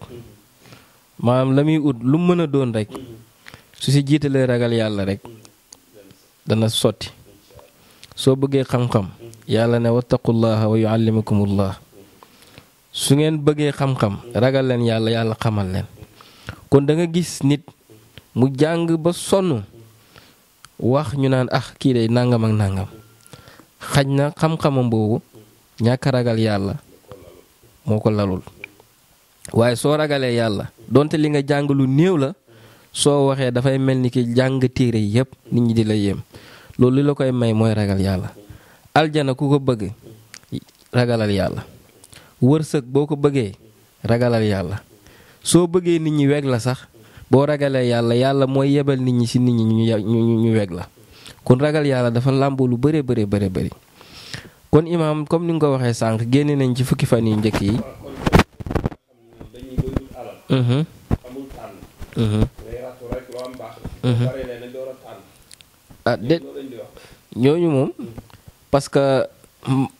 maanaam la muy ut lu mën a doon rek su si jiitalee ragal yàlla rek dana sotti soo bëggee xam-xam yàlla ne wattaqullaha wa yuallimukumullah su ngeen bëggee xam-xam ragal leen yàlla yàlla xamal leen kon danga gis nit mu jàng ba sonn wax ñu naan ah kii day nangam ak nangam xaj na xam-xamam boobu ñàkk ragal yàlla moo ko lalul waaye soo ragalee yàlla donte li nga jàng lu néew la soo waxee dafay mel ni ki jàng téere yépp nit ñi di la yem loolu li la koy may mooy ragal yàlla aljana ku ko bëgg ragalal yàlla wërsëg boo ko bëggee ragalal yàlla soo bëggee nit ñi weg la sax boo ragalee yàlla yàlla mooy yebal nit ñi ci nit ñi ñu ñu ñu weg la kon ragal yàlla dafa làmboo lu bëree bëri bëri bëri kon imaam comme ni nga ko waxee sànq génne nañ ci fukki fan yu njëkk yi. Mhm. Mhm. ah déet ñooñu moom parce que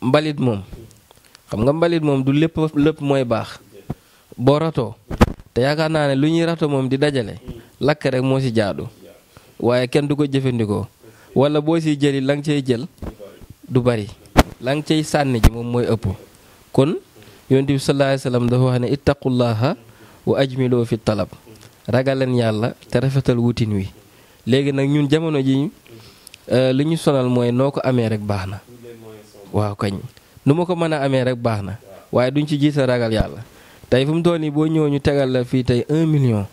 mbalit moom xam nga mbalit moom du lépp lépp mooy baax boo rato te yaakaar naa ne lu ñuy rato moom di dajale lakk rek moo ci jaadu waaye kenn du ko jëfandikoo walla boo ciy jëli la nga cey jël du bari la cay sànni ji moom mooy ëpp kon yonent bi sallallahu alayhi wasallam dafa wax ne ittaqullaha wa ajmiloo fi talab ragaleen yàlla te rafetal wutin wi léegi nag ñun jamono ji euh, li ñu sonal mooy noo ko amee rek baax na waaw kañ nu ma ko mën a amee rek baax na waaye duñ ci jiital ragal yàlla tey fu mu toll nii boo ñëwee ñu tegal la fii tey un million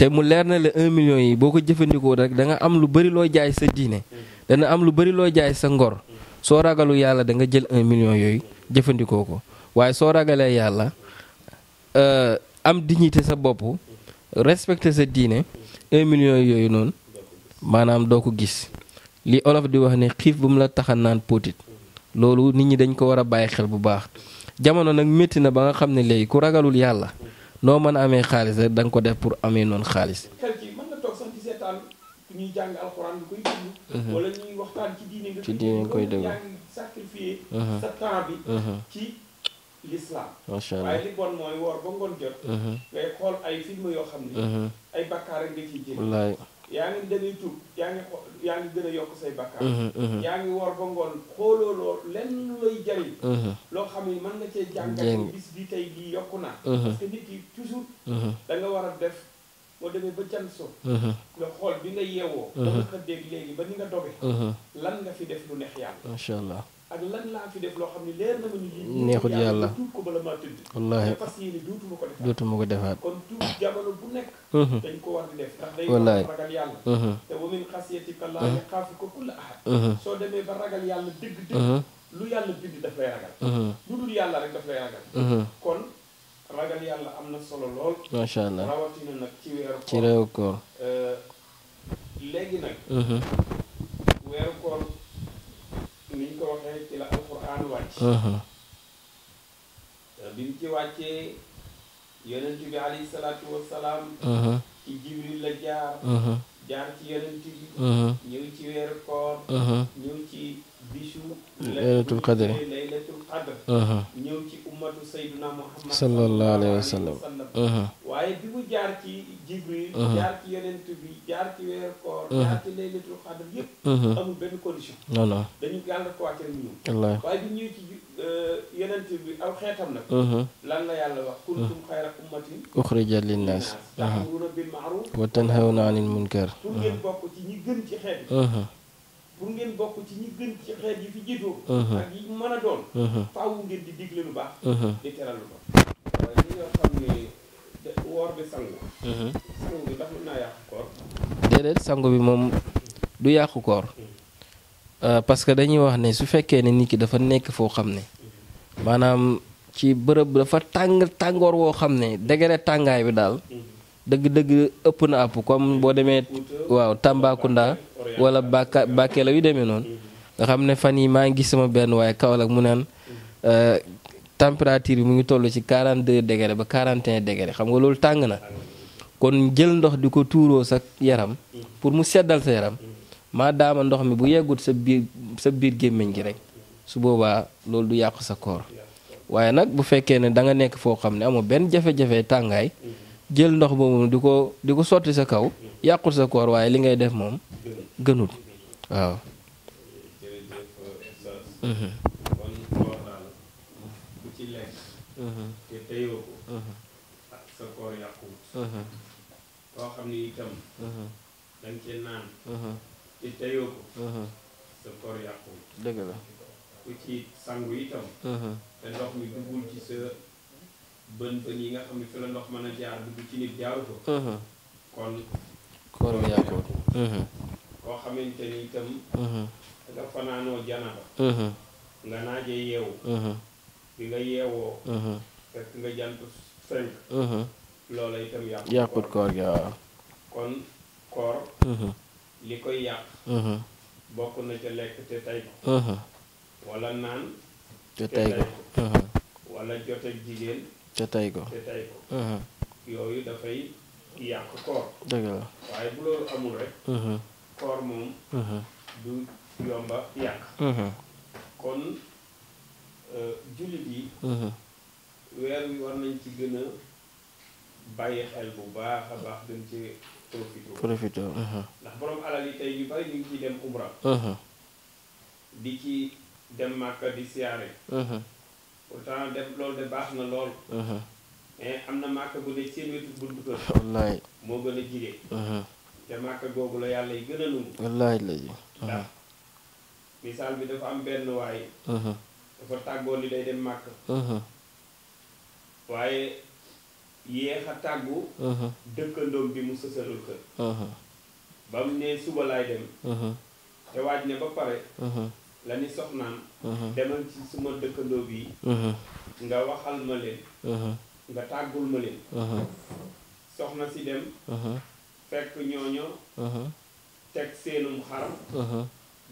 te mu leer na la un million yi boo ko jëfandikoo rek da nga am lu bari loo jaay sa diine dana am lu bari loo jaay sa ngor soo ragalu yàlla da nga jël un million yooyu jëfandikoo ko waaye soo ragalee yàlla euh, am dignité sa bopp respecter sa diine million yooyu noonu maanaam doo ko gis li olof di wax ne xiif bu mu la taxa naan potit loolu nit ñi dañ ko war a bàyyi xel bu baax jamono nag métti na ba nga xam ne léegi ku ragalul yàlla noo mën a amee xaalis rek da nga ko def pour amee noonu xaalis. Mhm. wala ñuy waxtaan ci diine nga. koy déglu yaa ngi sacrifier. Mhm. sa temps bi. Mhm. ci l'islam. macha allah waaye li bon mooy woor ba ngoon jot. ngay xool ay film yoo xam ne. ay bakkaar rek nga ciy jëlee. wallaay yaa ngi dañuy tuub yaa ngi gën a yokk say bakkaar. yaa ngi woor ba ngoon xooloo loo lenn lay jariñ. loo xam ne mën na cee jàngat bis bi tey jii yokku naa. parce nit yi toujours. da nga war a def. boo demee ba jant so uh-huh. nga xool bi nga yeewoo uh-huh. ba ni nga doge uh-huh. lan nga fi def lu neex yàlla macha allah ak lan laa fi def loo xam ne leer na ma ñu lii yàlla tuub ko bala maa tëdd wallaahi fas yéene dootuma ko defaat kon tuub jamono bu nekk dañ ko war def ndax day wallaahi ragal yàlla te wa min xasiyatika laa yaxaafu ko kulla ahad soo demee ba ragal yàlla dëgg dëgg lu yàlla bind daf lay ragal lu yàlla rek daf lay ragal kon ragal yàlla am na solo lool. macha allah rawatina nag ci weeru koor euh, léegi nag. Mm-hmm. weeru koor ni ñu ko waxee ci la alquran wàcc. Mm-hmm. Euh, bi mu ci wàccee yonent bi alayhi salaatu wa mm-hmm. ci jibril la jaar. jaar ci yonent bi. ñëw ci weeru koor. ñëw ci. laylatul qadri ñëw ci ummatu sayyiduna muhammad sallallahu alayhi wa sallam waaye bi mu jaar ci jibril jaar ci yonent bi jaar ci weer koor jaar ci laylatul qadr yëpp amul benn condition wala dañu yàlla ko wàcce ñu ñëw waaye bi ñëw ci yonent bi aw xeetam nag lan la yàlla wax kuntum xayra ummatin uxrijat linnaas ta'muruna bil ma'ruf wa tanhawna 'anil munkar su ngeen bokk ci ñi gën ci xeet pour ngeen bokk ci ñi gën ci xeet yi fi jiitoo uh-huh. ak yi mën a doon uh-huh. faawu ngeen di digle lu baax uh-huh. di teral lu baax li nga xam ne woor bi naa yàqu koor déedéet sangu bi moom du yàqu koor euh, parce que dañuy wax ne su fekkee ne nit ki dafa nekk foo xam ne maanaam ci bërëb dafa tàng tàngoor woo xam ne degré tàngaay bi daal mm-hmm. dëgg-dëgg ëpp na àpp comme boo demee waaw Tambacounda wala Baka Bakel la yu demee noonu nga xam ne fan yi maa ngi gis sama benn waaye Kaolack mu naan euh, température bi mu ngi toll ci 42 degré ba 41 degré xam nga loolu tàng na kon jël ndox di ko tuuroo sa yaram pour mu seddal sa yaram maa daama ndox mi bu yeggut sa biir sa biir gémmiñ gi rek su boobaa loolu du yàq sa koor waaye nag bu fekkee ne da nga nekk foo xam ne amoo benn jafe tàngaay. jël ndox boobu di ko di ko sotti sa kaw yàqul sa koor waaye li ngay def moom gënul waaw. Mm-hmm. Mm-hmm. Mm-hmm. koo xam la. bën bën yi nga xam ne fi la ndox mën a jaar dugg ci nit jaaru ko uh-huh. kon koor bi yàquwul uh-huh. koo xamante ni itam uh-huh. nga fanaanoo janaba nga yàqut koor kon koor li koy yàq bokk na ca lekk te tay ko wala naan te tay ko wala jot jigéen te tay ko te yooyu dafay yàq koor dëgg la waaye bu loolu amul rek uh-huh. koor moom uh-huh. du yomba yàq uh-huh. kon euh, jullit yi weer wi war nañ ci gën a bàyyi xel bu baax a baax gën ci profito ndax borom alal yi tey yu bari ñu ngi dem umra di ci dem màkka di siyaare pourtant def loolu de baax na lool. mais am na màkk bu ne seen wetu bunt kër. wallaay moo gën a jige. te màkk googu la yàlla yi gën a nangu. wallaay la ji. ndax misaal bi dafa am benn waay. dafa tàggoo ni day dem màkk. waaye yéex a tàggu. dëkkandoom bi mu sësalul kër. ba mu ne suba laay dem. te waaj ne ba pare. la ni soxnaam uh-huh. demal ci suma dëkkandoo bi uh-huh. nga waxal ma leen uh-huh. nga tàggul ma leen soxna si dem fekk ñooño teg seenum xar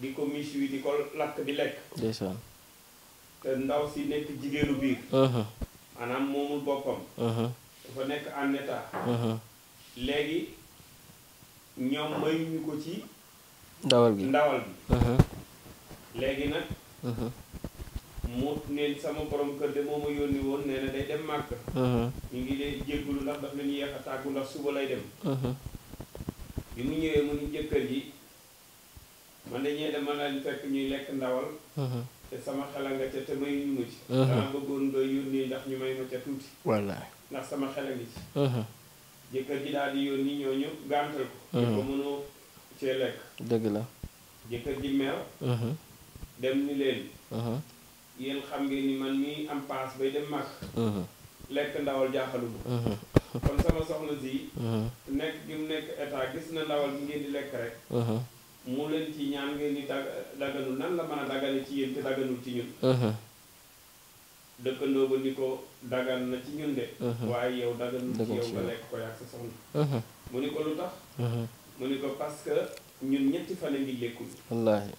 di ko miis wi di ko lakk di lekk te ndaw si nekk jigéenu biir maanaam moomul boppam dafa nekk en léegi ñoom mayuñu ko ci ndawal bi léegi nak uh-huh. mu neen sama borom kër de moo ma yónni woon nee na day dem màkk ñu uh-huh. ngi dee jéggulu ndax daf leen yéex a ndax suba lay dem uh-huh. bi mu ñëwee mu ni jëkkër ji man dañee dama laan fekk ñuy lekk ndawal te sama xela nga ca te may ñu ma ci dama bëggoon nga yoni ndax ñu may ma ca tuuti wallaay ndax sama xela ngi ci jëkkër ji daal di yónni ñooñu gàntal ko ko mënoo cee la ji dem ni leen yéen xam ngeen ni man mii am paas bay dem mag lekk ndawal jaaxaluma kon sama soxna si nekk gi mu nekk état gis na ndawal bi ngeen di lekk rek mu leen ci ñaan ngeen di dag daganul mën a dagane ci yéen te daganul ci ñun dëkkandoo ba ni ko dagan na ci ñun de waaye yow daganul ci yow nga lekk ko yàgg sa soxna mu ni ko lu tax mu ni ko parce que ñun ñetti fan a ngi lekkuñu wallaahi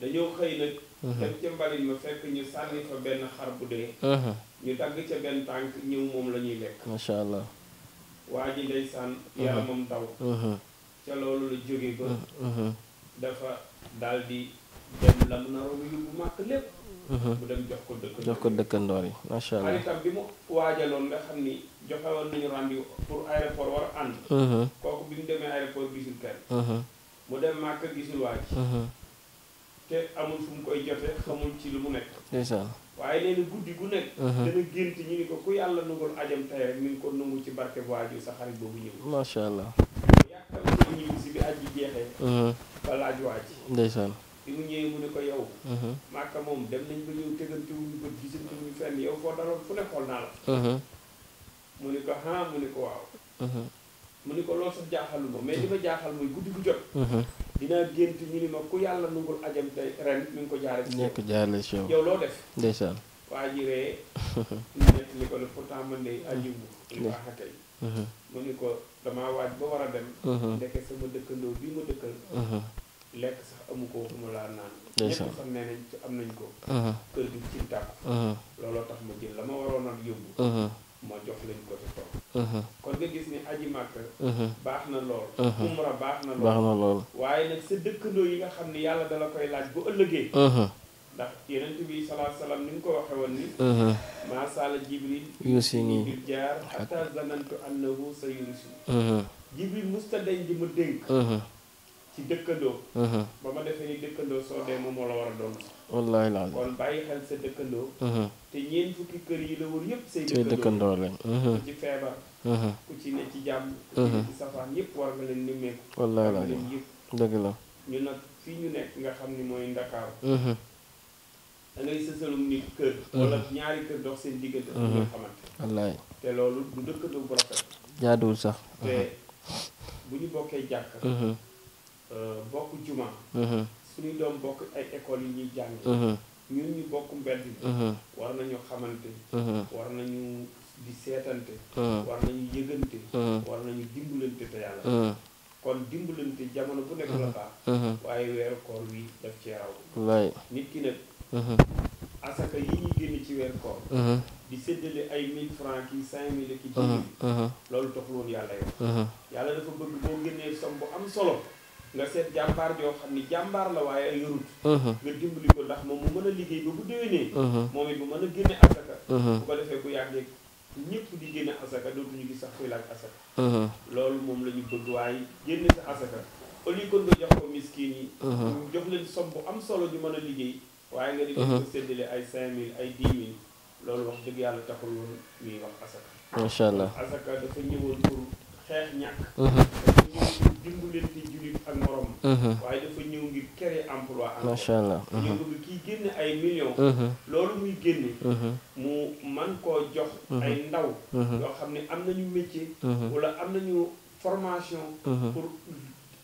dañoo xëy nag mhm. dem ca mbalit ma fekk ñu sànni fa benn xar bu dee mhm. ñu dagg ca benn tànk ñëw moom lañuy lekk macha allah waa ji ndeysaan mhm. yaramam daw ca loolu la jóge ba dafa daal di dem la mu naroon yóbbu màkk lépp mu dem jox ko dëkkandoor yi macha allah xaritam bi mu waajaloon nga xam ni joxe nañu rendez pour aéroport war a ànd kooku bi mu demee aéroport gisul kenn mu dem màkk gisul waaj te amul fu mu koy jote xamul ci lu mu nekk waaye nee guddi gu nekk mhm. dana gént ñu ni ko ku yàlla nangul ajam tey rek ko nangu ci barke bu waajur sa xarit boobu ñëw macha allah yàkkal ko ñëw si bi aj ji jeexee fa mhm. laaj waaj mu ne ko yow maaka mhm. moom dem nañ ba ñëw tegante wuñu bët gisante wuñu fenn yow foo daloon fu ne xool naa la mu ne ko ha mu ni ko waaw mu ne ko lool sax jaaxaluma mais li ma jaaxal mooy guddi gu jot dinaa gént ñu ni ma ku yàlla nungul ajam tey ren mi ngi ko jaarale ci yow. nekk jaarale ci yow yow loo def. ndeysaan. waa ji ree. ñu [laughs] nekk a tey. Uh-huh. mu ni ko damaa waaj ba war a dem. Uh-huh. ndeke sama dëkkandoo bi ma dëkkal. Uh-huh. lekk sax amu ko waxuma laa naan. ndeysaan ñëpp sax nee nañ am nañ ko. kër gi ci tàkk. looloo tax ma jël la waroon a yóbbu. ma jox lañ ko ci kaw uh-huh. kon nga gis ni aji màkka uh-huh. baax na lool uh-huh. umra baax na lool baax na lool waaye nag sa dëkkandoo yi nga xam ni yàlla dala koy laaj bu ëllëgee ndax yenent bi salaa salaam ni mu ko waxe woon ni maa saala jibril yusini bil jaar xata zanantu annahu sa yurusi jibril musta dañ di ma dénk ci dëkkandoo ba ma defee ni dëkkandoo soo dee moom la war a doon wallaay laaj kon bàyyi xel sa dëkkandoo. Mhm. te ñeent fukki kër yi la wër yëpp say dëkkandoo lañ mhm. ku ci feebar. Mhm. ku ci ne ci jàmm. ku safaan yëpp war nga leen nimmeeku. wallaay laaj la. ñu nag fii ñu nekk nga xam ni mooy Ndakaaru. da ngay sësalum nit kër. wala ñaari kër dox seen diggante. ak ñoo xamante wallaay te loolu du dëkkandoo bu rafet. jaaduwul sax. te bu ñu bokkee jàkk. Euh, bokk juma. suñuy doom bokk ay écoles yi ñuy jàng mhm. ñun ñu bokk mbedd yi mhm. war nañu xamante mhm. war nañu di seetante war nañu yëgante war nañu dimbalante te yàlla kon dimbalante jamono bu nekk la baax waaye weeru koor wi daf ci raw nit ki nag asaka yi ñuy génn ci weer koor di séddale ay mille francs ki cinq mille ki dix mille loolu taxul woon yàlla yow yàlla dafa bëgg boo génnee som am solo nga seet jàmbaar joo xam ne jàmbaar la waaye ay yorut uh-huh. nga dimbali ko ndax moom mu mën a liggéey ba bu déwénee uh-huh. moom it mu mën a génne asaka uh-huh. bu ko defee bu yàggee ñëpp di génne asaka dootuñu gis sax kuy laaj asaka loolu moom la ñu bëgg waaye génne sa asaka au lieu kon nga jox ko miskin yi ñu jox leen som bu am solo ñu mën a liggéey waaye nga di ko séddale ay cinq mille ay dix loolu wax dëgg yàlla taxul woon ñuy wax asaka macha allah asaka dafa dimbalante jullit ak morom mhm. waaye dafa ñëw ngir créer emploi macha allah ñu mhm. bëgg génne ay millions mhm. loolu muy génne mu man koo jox ay ndaw yoo xam ne am nañu métier wala am nañu formation pour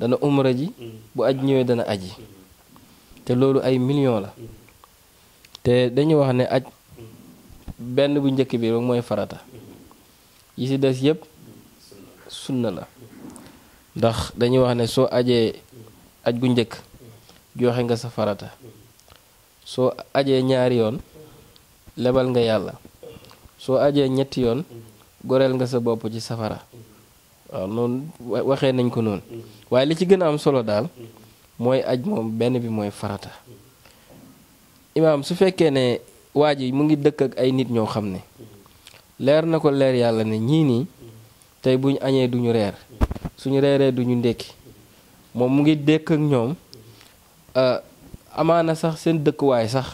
dana umra ji bu aj ñëwee dana aji te loolu ay million la te dañu wax ne aj benn bu njëkk bi rek mooy farata yi ci des yépp sunna la ndax dañuy wax ne soo ajee aj bu njëkk joxe nga sa farata soo ajee ñaari yoon lebal nga yàlla soo ajee ñetti yoon goreel nga sa bopp ci safara waaw noonu waxee nañ ko noonu waaye li ci gën a am solo daal mooy aj moom benn bi mooy farata imaam su fekkee ne waa ji mu ngi dëkk ak ay nit ñoo xam ne leer na ko leer yàlla ne ñii nii tey buñ añee duñu reer suñu reeree duñu ndékki moom mu ngi dëkk ak ñoom euh, amaana sax seen dëkkuwaay sax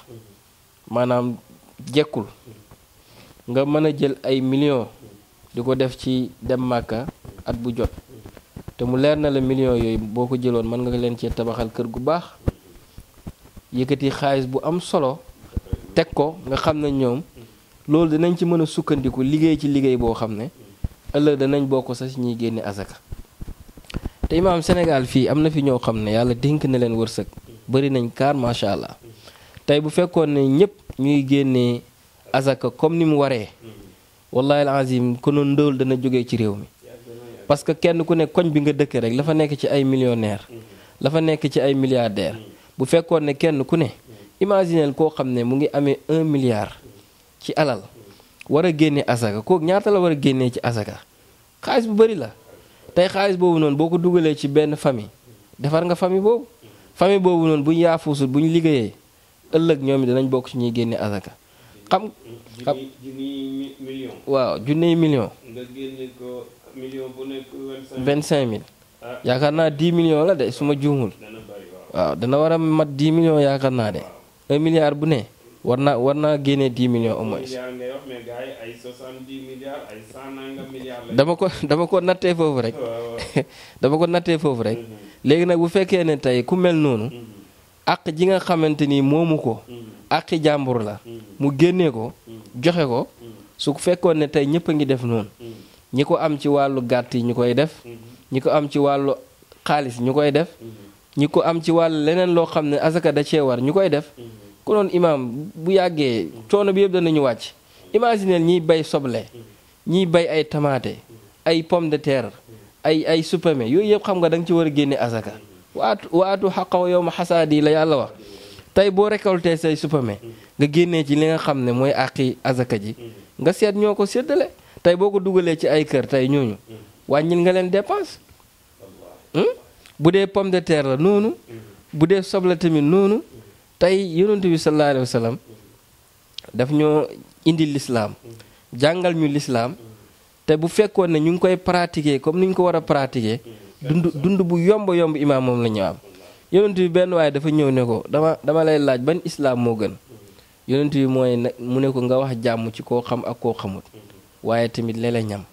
maanaam jekkul nga mën a jël ay million di ko def ci dem màkka at bu jot te mu leer na la millions yooyu boo ko jëloon mën nga leen cee tabaxal kër gu baax yëkkati xaalis bu am solo teg ko nga xam ne ñoom loolu danañ ci mën a sukkandiku liggéey ci liggéey boo xam ne ëllëg danañ bokk sax ñuy génne asaka te imaam Sénégal fii am na fi ñoo xam ne yàlla dénk na leen wërsëg bari nañ kaar macha allah tey bu fekkoon ne ñëpp ñuy génne asaka comme ni mu waree wallahi alazim konoon ndóol dana jóge ci réew mi parce que kenn ku ne koñ bi nga dëkk rek la nekk ci ay millionnaire la nekk ci ay milliardaire bu fekkoon ne kenn ku ne imagineel koo xam ne mu ngi amee un milliard ci alal war a génne asaka kook ñaata la war a génnee ci asaka xaalis bu bëri la tey xaalis boobu noonu boo ko dugalee ci benn famille defar nga famille boobu famille boobu noonu bu ñu yaafuusul bu ñu liggéeyee ëllëg ñoom it danañ bokk ci ñuy génne asaka xam xam junniy waaw junniy million. vingt cinq mille. Ah. yaakaar naa dix million la de su ma juumul. waaw dana war a mat dix million yaakaar naa de. un milliard bu ne. war naa war naa génne dix million au dama ko dama ko nattee foofu rek. [laughs] dama ko nattee foofu rek. Mm-hmm. léegi nag bu fekkee ne tey ku mel noonu. ak mm-hmm. ji nga xamante ni moomu ko. Mm-hmm. àqi jàmbur la mm-hmm. mu génne ko mm-hmm. joxe ko mm-hmm. su fekkoon ne tey ñëpp a ngi def noonu ñi ko am ci wàllu gàtt yi ñu koy def ñi ko am ci wàllu xaalis ñu koy def ñi ko am ci wàllu leneen loo xam ne asaka da cee war ñu koy def ku doon imaam bu yàggee coono bi yëpp danañu wàcc imagineel ñiy bay soble ñiy bay ay tamaate ay pomme de terre ay ay supame yooyu yëpp xam nga da ci war a génne asaka waatu waatu xaqaw yow ma xasaadi la yàlla wax tey boo récolté say supame nga génnee ci li nga xam ne mooy àqi azaka ji nga seet ñoo ko séddale tey boo ko dugalee ci ay kër tey ñooñu wàññil nga leen dépense hmm? bu dee pomme de terre la noonu bu dee soble tamit noonu tey yonent bi sallallahu alayhi wa ñoo indi lislaam jàngal ñu lislaam te bu fekkoon ne ñu ngi koy pratiquer comme ni ñu ko war a pratiquer dund dund bu yomb yomb imaam moom la ñu am yonent bi benn waaye dafa ñëw ne ko dama dama lay laaj ban islaam moo gën yonent bi mooy nag mu ne ko nga wax jàmm ci koo xam ak koo xamut waaye tamit lele ñam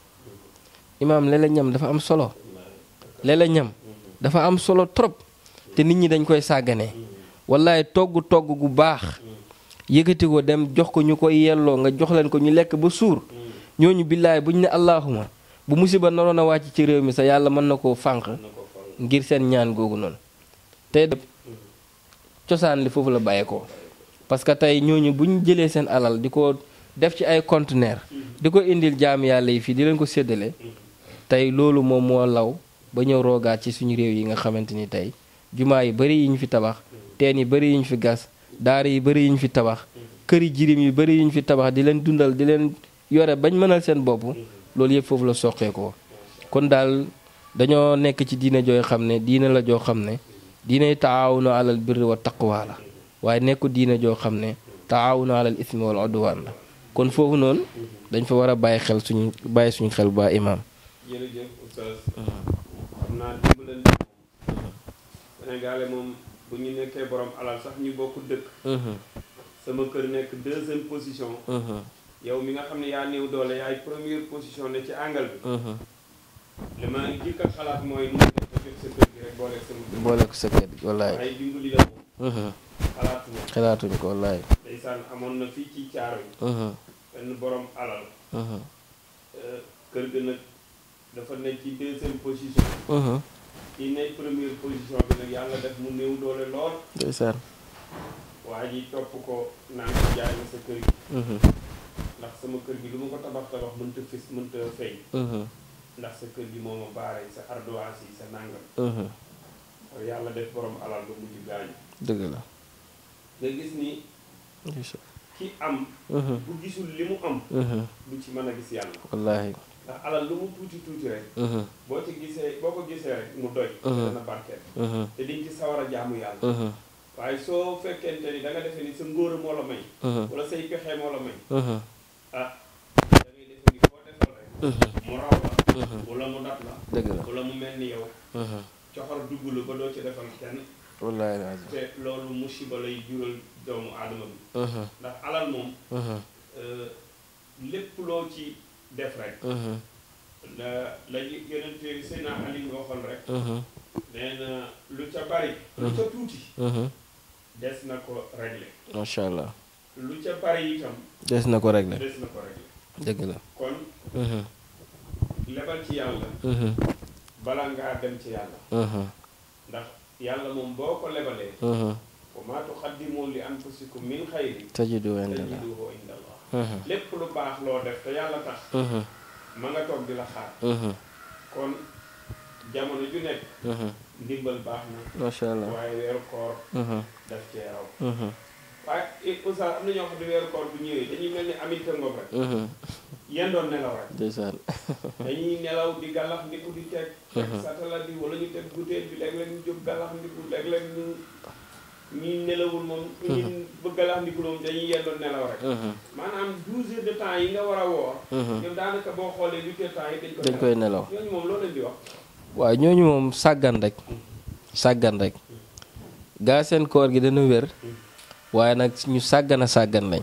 imaam lele ñam dafa am solo lele ñam dafa am solo trop te nit ñi dañ koy sàgganee wallaay togg togg gu baax yëkkati ko dem jox ko ñu koy yelloo nga jox leen ko ñu lekk ba suur ñoo ñu billaay buñ ne allahuma bu musiba naroon a wàcc ci réew mi sax yàlla mën na koo fànq ngir seen ñaan googu noonu te cosaan li foofu la bàyyeekoo parce que tey ñooñu bu ñu jëlee seen alal di ko def ci ay conteneur di ko indil jaam yàlla yi fii di leen ko séddale tey loolu moom moo law ba ñëw roogaat ci suñu réew yi nga xamante ni tey jumaa yi bëri yi ñu fi tabax teen yi bëri yi ñu fi gas daara yi bëri yi ñu fi tabax këri jirim yi bëri yi ñu fi tabax di leen dundal di leen yore bañ mënal seen bopp loolu yëpp foofu la soqee ko kon daal dañoo nekk ci diina jooy xam ne la joo xam ne diinay taawunu alal birri wa taqwa waaye nekku diina joo xam ne taawunu alal ismi wal odwaan la kon foofu noonu dañ fa war a bàyyi xel suñu bàyyi suñu xel ba imaam jërëjëf oustaz xam naa dimbalante Sénégalais moom bu ñu nekkee borom alal sax ñu bokk dëkk mhm. sama kër nekk deuxième position mhm. yow mi nga xam ne yaa néew doole yaay première position ne ci angle bi mhm. booleeg sa kër gi wallaay. Uh-huh. xalaatuñu ko wallaay. ndeysaan amoon na fii ci caaro yi. Uh-huh. benn borom alal. Uh-huh. Euh, kër ga nag dafa nekk ci deuxième position. kii nekk première position bi nag yàlla def mu néew doole lool. ndeysaan. waa ji topp ko naan ko jaay sa kër gi. ndax sama kër gi lu ma ko tabax tabax mënta fis mënta feeñ. ndax sa kër gi moom a baare sa ardoise yi sa nàngam uh-huh. yàlla def borom alal ba mujj gaañu dëgg la nga gis ni ki am uh-huh. bu gisul li mu am uh-huh. du ci mën a gis yàlla wallaahi ndax alal lu mu tuuti tuuti rek boo ci gisee boo ko gisee rek mu doy dana barkeel te diñ ci sawar a jaamu yàlla waaye soo fekkente ni da nga defee sa ngóora moo la may wala say pexe moo la may ah da ngay defee ni boo defal rek mu raw la wala mu dat la. dëgg la wala mu mel ni yow. coxor dugg la ba doo ci defal kenn. wallaay la te loolu musiba lay jural doomu aadama bi. ndax alal moom. Euh, lépp loo ci def rek. la la yeneen téere Seydina Ali waxoon rek. nee na lu ca bari. lu ca tuuti. des na ko régler. macha allah. lu ca bari itam. des na ko régler. des na ko régler. dëgg la kon. lebal ci yàlla mhm. bala ngaa dem ci yàlla mhm. ndax yàlla moom boo ko lebalee mhm. wa maa tuqaddimu li anfusikum min xayri tajiduhu inda lépp lu baax loo def te yàlla tax ma nga toog di la xaar kon jamono ju nekk ndimbal baax na macha allah waaye weeru koor daf cee raw waaye oustaz am na ñoo xam ne weeru koor bu ñëwee dañuy mel ni amit tëngoom rek mhm. yéen nelaw rek [laughs] dañuy nelaw di gàllax ndiku di teg mhm. teg bi wala ñu teg gutéel bi léeg-léeg ñu ñu nelawul moom mhm. ñu bëgg gàllax ndiku moom dañuy yéen nelaw rek maanaam douze heures de temps yi nga war a woor ñoom daanaka boo xoolee huit temps yi dañ koy nelaw ñooñu moom loolu lañ di wax waaw ñooñu moom sàggan rek sàggan rek gaa seen koor gi dana wér waaye nag ñu sàggana sàggan lañ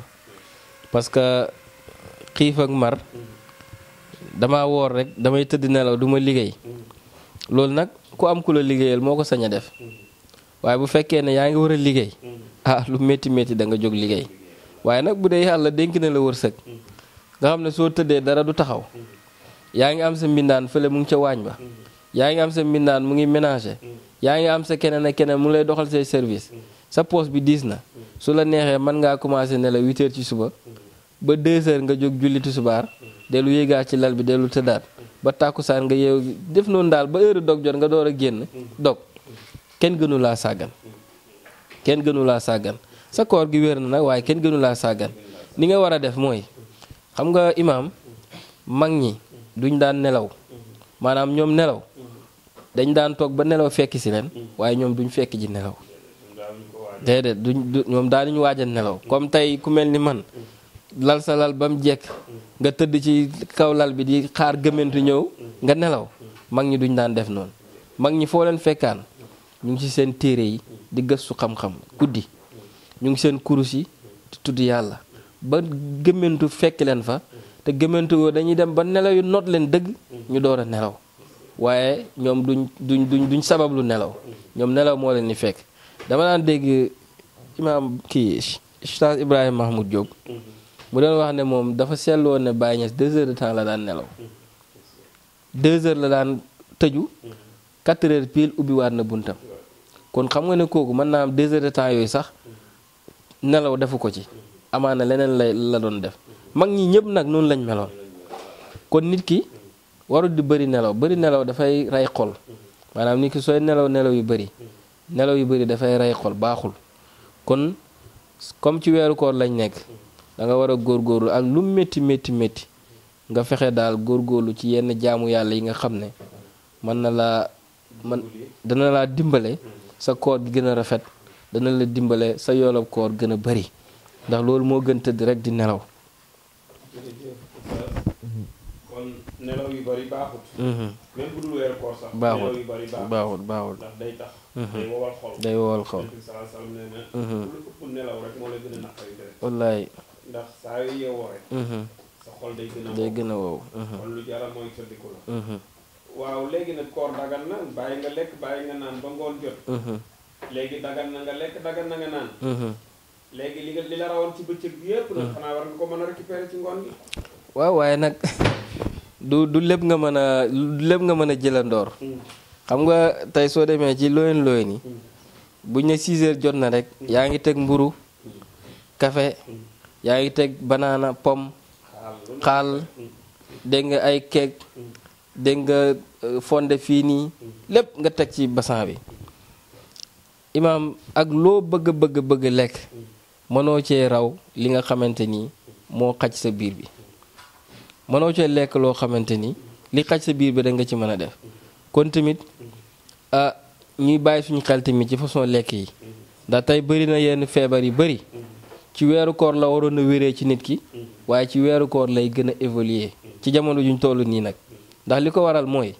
parce que xiif ak mar dama woor rek damay tëdd nelaw duma liggéey loolu nag ku am ku la liggéeyal moo ko sañ a def waaye bu fekkee ne yaa ngi war a liggéey ah lu metti métti da nga jóg liggéey waaye nag bu dee yàlla dénk na la wërsëg nga xam ne soo tëddee dara du taxaw yaa ngi am sa mbindaan fële mu ngi ca waañ ba yaa ngi am sa mbindaan mu ngi ménager yaa ngi am sa keneen ak keneen mu lay doxal say service sa poos bi diis na su la neexee man ngaa commencé nelaw la huit ci suba ba deux heures nga jóg julli tisbaar dellu yéegaat ci lal bi dellu tëddaat ba tàkkusaan nga yeew def noonu daal ba heure dog jot nga door a génn dog kenn gënu laa sàggan kenn gënu laa sàggan sa koor gi wér na nag waaye kenn gënu laa sàggan ni nga war a def mooy xam nga imam mag ñi duñ daan nelaw maanaam ñoom nelaw dañ daan toog ba nelaw fekki si leen waaye ñoom duñ fekk ji nelaw déedéet duñ du ñoom daanuñu waaj a nelaw comme tey ku mel ni man lal sa lal ba mu jekk nga tëdd ci kaw lal bi di xaar gëmmentu ñëw nga nelaw mag ñi duñ daan def noonu mag ñi foo leen fekkaan ñu ngi ci seen téere yi di gëstu xam-xam guddi ñu ngi seen kurus yi di tudd yàlla ba gëmmentu fekk leen fa te gëmmentu woo dañuy dem ba nelaw yu noot leen dëgg ñu door a nelaw waaye ñoom duñ duñ duñ duñ sabab lu nelaw ñoom nelaw moo leen di fekk dama daan dégg imaam kii Ustaz Ibrahima Mahmoud jóg mu doon wax ne moom dafa seetlu woon ne Baye Niass deux de temps la daan nelaw. deux heures la daan tëju. quatre heures pile ubbiwaat na buntam. kon xam nga ne kooku mën naa am deux heures de temps yooyu sax nelaw defu ko ci. amaana leneen la la doon def. mag ñi ñëpp nag noonu lañ meloon. kon nit ki warul di bëri nelaw bari nelaw dafay rey xol. maanaam nit ki sooy nelaw nelaw yu bëri. nelaw yu bari dafay rey xol baaxul kon comme ci weeru koor lañ nekk da nga war a góor góorlu ak lu metti métti metti nga fexe daal góor góorlu ci yenn jaamu yàlla yi nga xam ne mën na laa man dana laa dimbale sa koor gi gën a rafet dana la dimbale sa yoolab koor gën a bëri ndax loolu moo gën tëdd rek di nelaw nelaw yu bari Mm-hmm. day wowal xol day xol. Mm-hmm. wallaay. ndax mm-hmm. day gën a wow day waaw léegi nag koor dagan na bàyyi nga lekk bàyyi nga naan ba ngoon jot. léegi dagan na nga lekk dagan na nga naan. léegi li la rawoon ci bëccëg bi nag xanaa war nga ko mën a récupérer ci ngoon gi. waaw waaye nag [laughs] du du lépp nga mën a du lépp nga mën a jëlandoor. Mm. xam nga tey soo demee ci looyin looyin yi buñ ne 6 jot na rek yaa ngi teg mburu kafe yaa ngi teg banaana pomme xaal dégg nga ay keek dégg nga euh, fonde fii nii lépp nga teg ci basan bi imam ak loo bëgg bëgg bëgg lekk mënoo cee raw li nga xamante ni moo xaj sa biir bi mënoo cee lekk loo xamante ni li xaj sa biir bi da nga ci mën a def kon tamit ah, ñuy bàyyi suñu xel tamit ci façon lekk yi ndax tey bëri na yenn feebar yu bëri ci weeru koor la waroon a wéree ci nit ki waaye ci weeru koor lay gën a évoluer ci jamono juñ toll nii nag ndax li ko waral mooy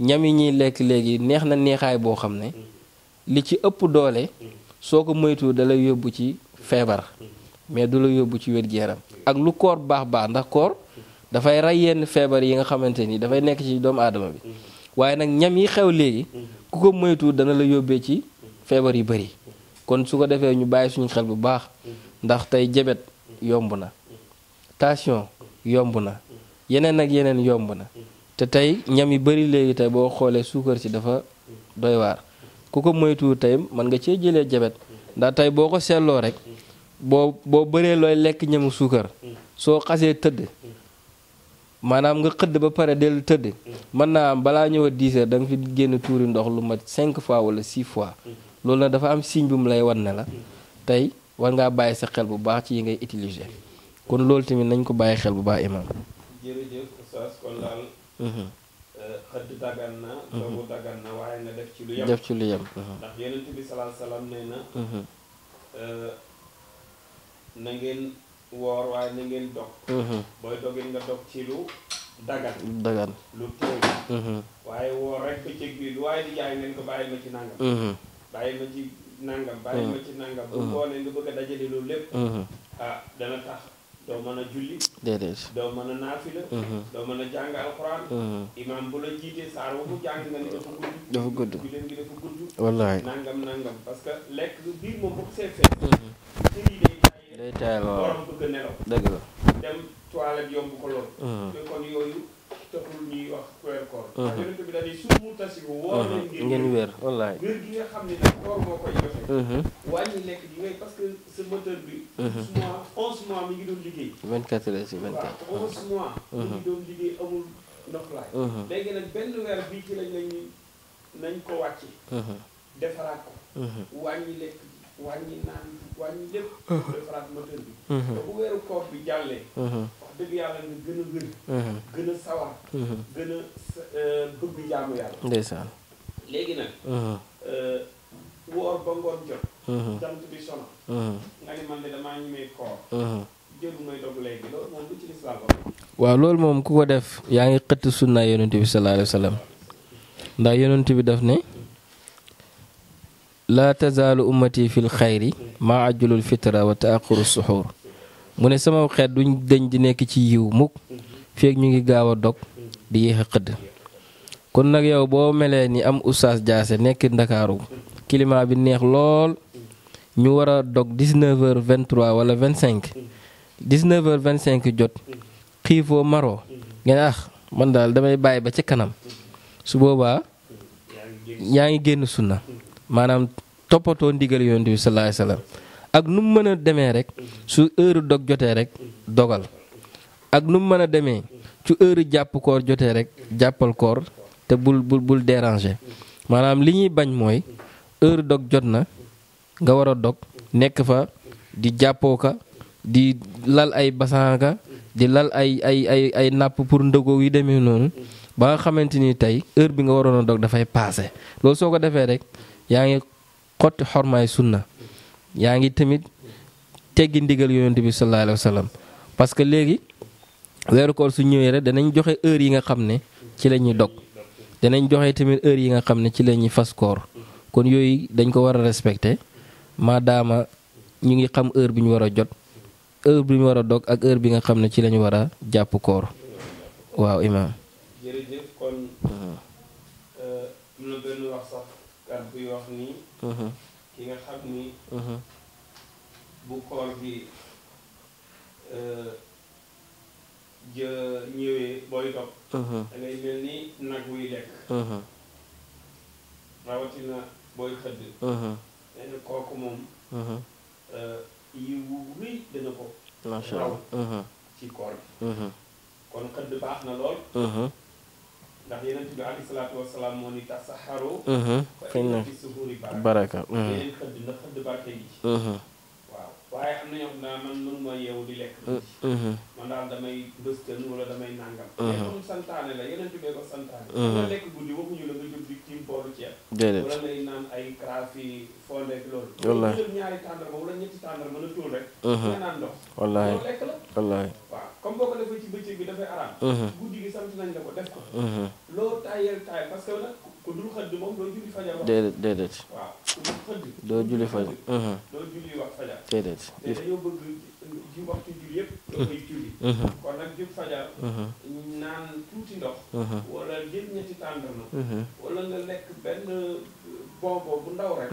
ñam yi ñuy lekk léegi neex na neexaay boo xam ne li ci ëpp doole soo ko moytu da yóbbu ci feebar mais du la yóbbu ci wér gu yaram ak lu koor baax baax ndax koor dafay rey yenn feebar yi nga xamante ni dafay nekk ci doomu aadama bi waaye nag ñam yi xew léegi mhm. ku ko moytu dana la yóbbee ci feebar yu bëri kon su ko defee ñu bàyyi suñu xel bu baax mhm. ndax tey jabet yomb na mhm. tension yomb na yeneen ak yeneen yomb na te tey ñam yi bëri léegi tey boo xoolee suukar si dafa doy waar ku ko moytuwul tey mën nga cee jëlee jabet ndax tey boo ko seetloo rek boo boo bëree looy lekk ñamu suukar soo xasee tëdd maanaam nga xëdd ba pare dellu tëdd mën naa am balaa ñëw a 10 fi génn tuuri ndox lu mat 5 fois wala 6 fois loolu na dafa am signe bu mu lay wan ne la tey war ngaa bàyyi sa xel bu baax ci yi ngay utiliser kon loolu tamit nañ ko bàyyi xel bu baax imaam. Mhm. Euh, mhm. nga def ci lu yem. Mhm. ndax yonent bi salaam salaam nee na. Euh, woor waaye na ngeen dog mhm. booy dogit nga dog ci lu dagan dagan lu teew mhm. waaye woor rek bëccëg bi lu waaye di jaay ngeen ko bàyyi ma ci nangam mhm. bàyyi ma ci nangam bàyyi ma ci nga bëgg a dajale loolu lépp ah dana tax doo man a julli déedéet doo mën a naafila doo mën a jàng alxuraan imaam bu la jiitee saar wu mu jàng nga ni dafa gudd dafa gudd julleen gi dafa parce que lekk biir moom bu ko see day tayal waaw bëgg a nelaw. dëgg la dem yomb ko lool. Mm-hmm. te kon yooyu taxul ñuy wax weer koor. Mm-hmm. ndax yonent bi dañuy suumu tasiru woor leen mm-hmm. ngeen ngeen wér wallaay wér lekk gi ngay parce que sa moteur bi. 12 mois 11 mois mi ngi doon liggéey. 24 heures si 24 waaw 11 mois. mi ngi doon liggéey amul ndox laay. léegi nag benn weer bii ci lañ nañ ko wàcce. defaraat ko. wàññi lekk. wàññi naan wàññi lépp. defaraat moteur bi. te bu weeru koor bi jàllee. wax dëgg yàlla nga gën a wér. gën a sawar. gën a euh, bëgg loolu moom waaw loolu moom ku ko def yaa ngi xëtt sunna yonent bi sallallahu alayhi wa ndax yonent bi daf ne. laata tazaalu ummati fil xayri maa ajulul fitra wa taaquru suxuur mu ne sama xeet duñ dëñ di nekk ci yiw mukk feeg ñu ngi gaaw a dog di yéex xëdd kon nag yow boo melee ni am oustaz jaase nekk ndakaaru climat bi neex lool ñu war a dog 19h23 wala 25 19h25 jot xiifoo maroo ngeen ah man daal damay bàyyi ba ci kanam su boobaa yaa ngi génn sunna maanaam toppatoo ndigal yoon bi sallallahu alayhi ak nu mu mën a demee rek su heure dog jotee rek dogal ak nu mu mën a demee su heure jàpp koor jotee rek jàppal koor te bul bul bul déranger maanaam li ñuy bañ mooy heure dog jot na nga war a dog nekk fa di jàppoo ka di lal ay basanka di lal ay ay ay ay napp pour ndëgoo yi demee noonu ba nga xamante ni tey heure bi nga waroon a dog dafay passé loolu soo ko defee rek. yaa ngi xotti xormaay sunna yaa ngi tamit teggi ndigal yonent bi sallallahu alayhi wa sallam parce que léegi weeru koor su ñëwee rek danañ joxe heure yi nga xam ne ci la ñuy dog danañ joxe tamit heure yi nga xam ne ci la ñuy fas koor kon yooyu dañ ko war a respecté maadaama ñu ngi xam heure bi ñu war a jot heure bi ñu war a dog ak heure bi nga xam ne ci la ñu war a jàpp koor waaw imaam Mm-hmm. ki nga xam ni mm-hmm. bu koor gi euh, jë ñëwee booy dog mm-hmm. da ngay mel nag wuy lekk rawatina booy xëdd nee na kooku moom euh, yiwu rëy dana ko raw ci koor kon xëdd baax na lool ndax yeneen bi alayhi salaatu wasalaam moo ni tasaxaru. Mhm. ne baraka. Mhm. waaye am na ñoom naa man mënuma yeewu di lekk. Mm-hmm. man daal damay mbëstën wala damay nàngam. Mm-hmm. mais comme santaane la yeneen tuddee ko santaane. nga mm-hmm. lekk guddi waxuñu la nga jóg di tiim boolu ceeb. déedéet wala ngay naan ay craafi fonde ak loolu. wallaahi ñu ñaari tàndarma wala ñetti tàndarma na tóol rek. nga naan ndox. wallaahi loolu lekk la. wallaahi waaw comme boo ko defee ci bëccëg bi dafay araam. guddi gi sant nañ la ko def ko. loo taayal taay parce que nag. ku dul xëdd moom doo julli fajar. déedéet déedéet. waaw ku dul xëdd. doo julli fajar. doo julli wax fajar. déedéet. te dañoo bëgg ji waxtu julli yëpp. doo koy julli. kon nag jub fajar. naan tuuti ndox. wala jël ñetti tàndama. wala nga lekk benn bonbon bu ndaw rek.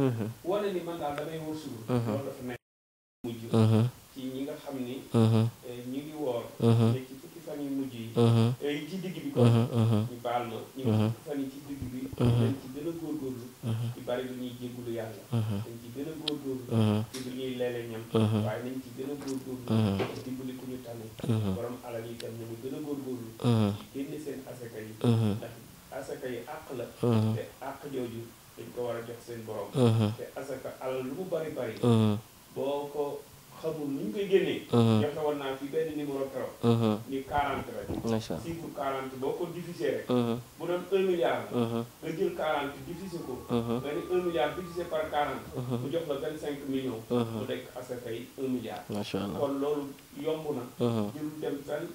wane ni man daal damay wër suur. loolu dafa nekk mujj. ci ñi nga xam ni. Eh, ñi ngi woor. te ci fukki fan yu mujj yi. Eh, ci digg bi kon. ñu baal ma ñu fan yi ci. dañ ci gën a góorgóorlu ci bari lu ñuy jéggulu yàlla dañ ci gën a góorgóorlu ci lu a leele ñam waaye nañ ci gën a góorgóorlu ci dimbali ku ñu tànn borom alal yi tam nañu gën a góorgóorlu ci génne seen asaka yi ndax asaka yi àq la te àq jooju dañ ko war a jox seen borom te asaka alal lu mu bari bari boo ko xamul ni ñu koy génnee. Uh-huh. joxe woon naa fi benn numéro uh-huh. ni 40 rek. macha allah chiffre boo ko diffusé rek. Uh-huh. bu doon 1 milliard. nga jël 40 diffusé ko. nga ni milliard diffusé par 40. mu jox la 25 millions. mu nekk asaka yi 1 milliard. kon loolu yomb na. jël dem fenn.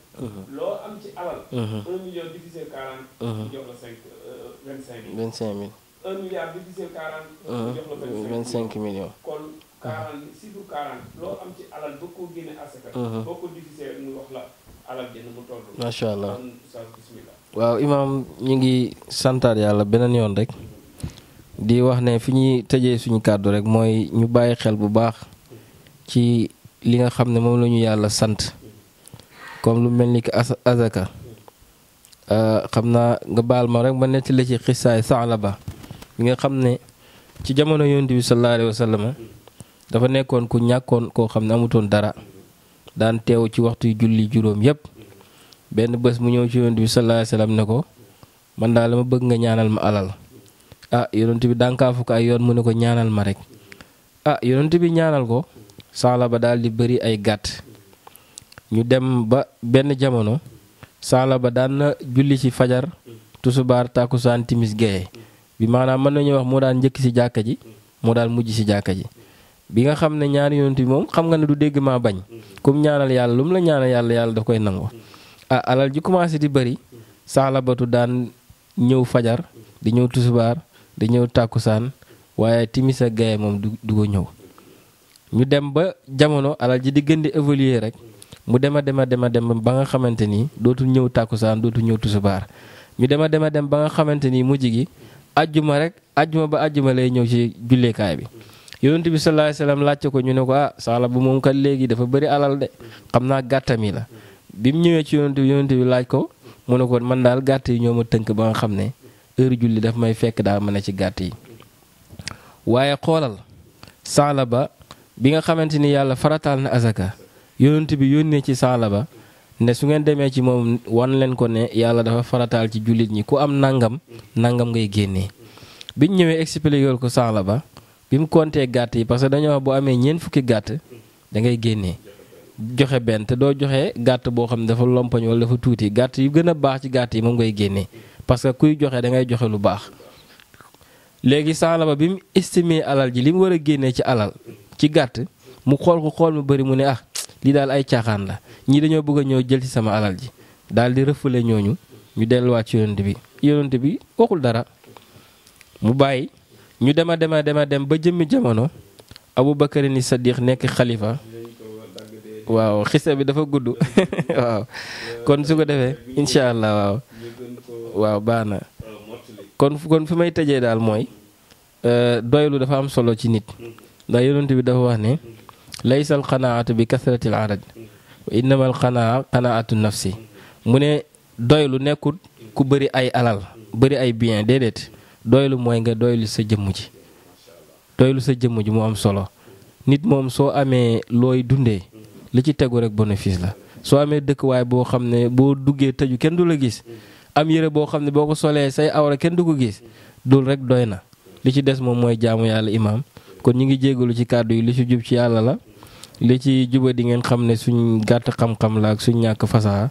loo am ci alal. 1 million diffusé 40. mu jox la 5 25 euh, mille. 25 quarante uh-huh. allah waaw imaam ñu ngi santaat yàlla beneen yoon rek di wax ne fi ñuy tëjee suñu kàddu rek mooy ñu bàyyi xel bu baax ci li nga xam ne moom la ñu yàlla sant comme lu mel ni ki azaka euh, xam naa nga baal ma rek ma netti la ci xisaay saala ba bi nga xam ne ci jamono yonent bi sallallahu alayhi dafa nekkoon ku ñàkkoon koo xam ne amutoon dara daan teew ci waxtu julli juróom yépp benn bés mu ñëw ci yonent bi sallallahu alayhi wasallam ne ko man daal ma bëgg nga ñaanal ma alal ah yonent bi dànkaafu ko ay yoon mu ne ko ñaanal ma rek a ah, yonent bi ñaanal ko saala ba daal di bëri ay gàtt ñu dem ba benn jamono saala ba daan na julli ci fajar tusubaar tàkkusaan timis gaye bi maanaam mën nañu wax moo daan njëkk ci jàkka ji moo daan mujj ci jàkka ji bi nga xam ne ñaari yonent bi moom xam nga ne du dégg maa bañ comme ñaanal yàlla lu mu la ñaanal yàlla yàlla daf koy nangu ah alal ji commencé di bëri saalabatu daan ñëw fajar di ñëw tusubaar di ñëw tàkkusaan waaye timis ak gaye moom du du ko ñëw ñu dem ba jamono alal ji di gën di évoluer rek mu dem a dem a dem a ba nga xamante ni dootul ñëw tàkkusaan dootul ñëw tusubaar ñu dem a dem a dem ba nga xamante ni mujj gi ajjuma rek ajjuma ba ajjuma lay ñëw ci julleekaay bi yonent bi sallallahu salaam laajte ko ñu ne ko ah saala bu moom kat léegi dafa bari alal de xam naa gàttam yi la bi mu ñëwee ci yonent bi yonent bi laaj ko mu ne ko man daal gàtt yi ñoo ma tënk ba nga xam ne heure julli dafa may fekk daal ma ne ci gàtt yi waaye xoolal saala ba bi nga xamante ni yàlla farataal na azaka yonent bi yónnee ci saala ba ne su ngeen demee ci moom wan leen ko ne yàlla dafa farataal ci jullit ñi ku am nangam nangam ngay génnee biñ ñëwee expliqué ko saala ba bi mu compté gàtt yi parce que dañoo wax boo amee ñeent fukki gàtt dangay ngay joxe benn te doo joxe gàtt boo xam ne dafa lompañ wala dafa tuuti gàtt yi gën a baax ci gàtt yi moom ngay génnee parce que kuy joxe dangay joxe lu baax. léegi saalama bi mu estimé alal ji li mu war a génnee ci alal ci gàtt mu xool ko xool mu bëri mu ne ah lii daal ay caaxaan la ñii dañoo bëgg a ñëw jël ci sama alal ji daal di rëfale ñooñu ñu delluwaat ci yonent bi yonent bi waxul dara mu bàyyi. ñu dem a dema dema dem ba jëmmi jamono Aboubacar ni Saddiq nekk xalifa waaw xisa bi dafa gudd [laughs] waaw kon su ko defee incha allah waaw baana kon kon fi may tëjee daal mooy euh, doylu dafa am solo ci nit ndax yonent bi dafa wax ne laysa al qanaatu bi kasratil adad wa innama al qanaa nafsi mu ne doylu nekkut ku bëri ay alal bëri ay bien déedéet doylu mooy nga doylu sa jëmm ji doylu sa jëmm ji mu am solo nit moom soo amee looy dundee li ci tegu rek bénéfice la soo amee dëkkuwaay boo xam ne boo duggee tëju kenn du la gis am yére boo xam ne boo ko solee say awra kenn du ko gis dul rek doy na li ci des moom mooy jaamu yàlla imaam kon ñu ngi jégalu ci kàddu yi li ci jub ci yàlla la li ci juba di ngeen xam ne suñu gàtt xam-xam la ak suñ ñàkk fasaha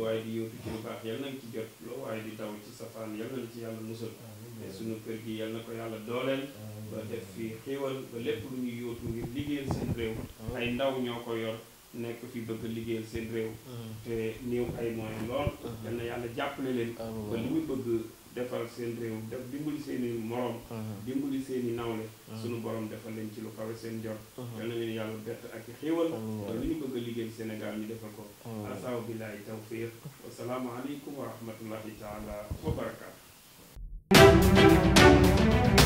waaye di yóotu ci lu baax yal na ci jot loo waaye di taw ci safaan yal na ci yàlla musal te sunu kër gi yal na ko yàlla dooleel ba def fi xéewal ba lépp lu ñuy yóotu ngir liggéeyal seen réew ay ndaw ñoo ko yor nekk fi bëgg liggéeyal seen réew te néew ay moyens lool yal na yàlla jàppale leen ba li muy bëgg defal seen réew def dimbali seen i morom. Uh-huh. dimbali nawle. Uh-huh. sunu borom defal leen ci lu kawe seen jor. Uh-huh. yal na leen yàlla bett ak i xéewal. li ñu bëgg a liggéey Sénégal ñu defal ko. asaaw billahi tawfiq wasalaamu aleykum wa rahmatullahi taala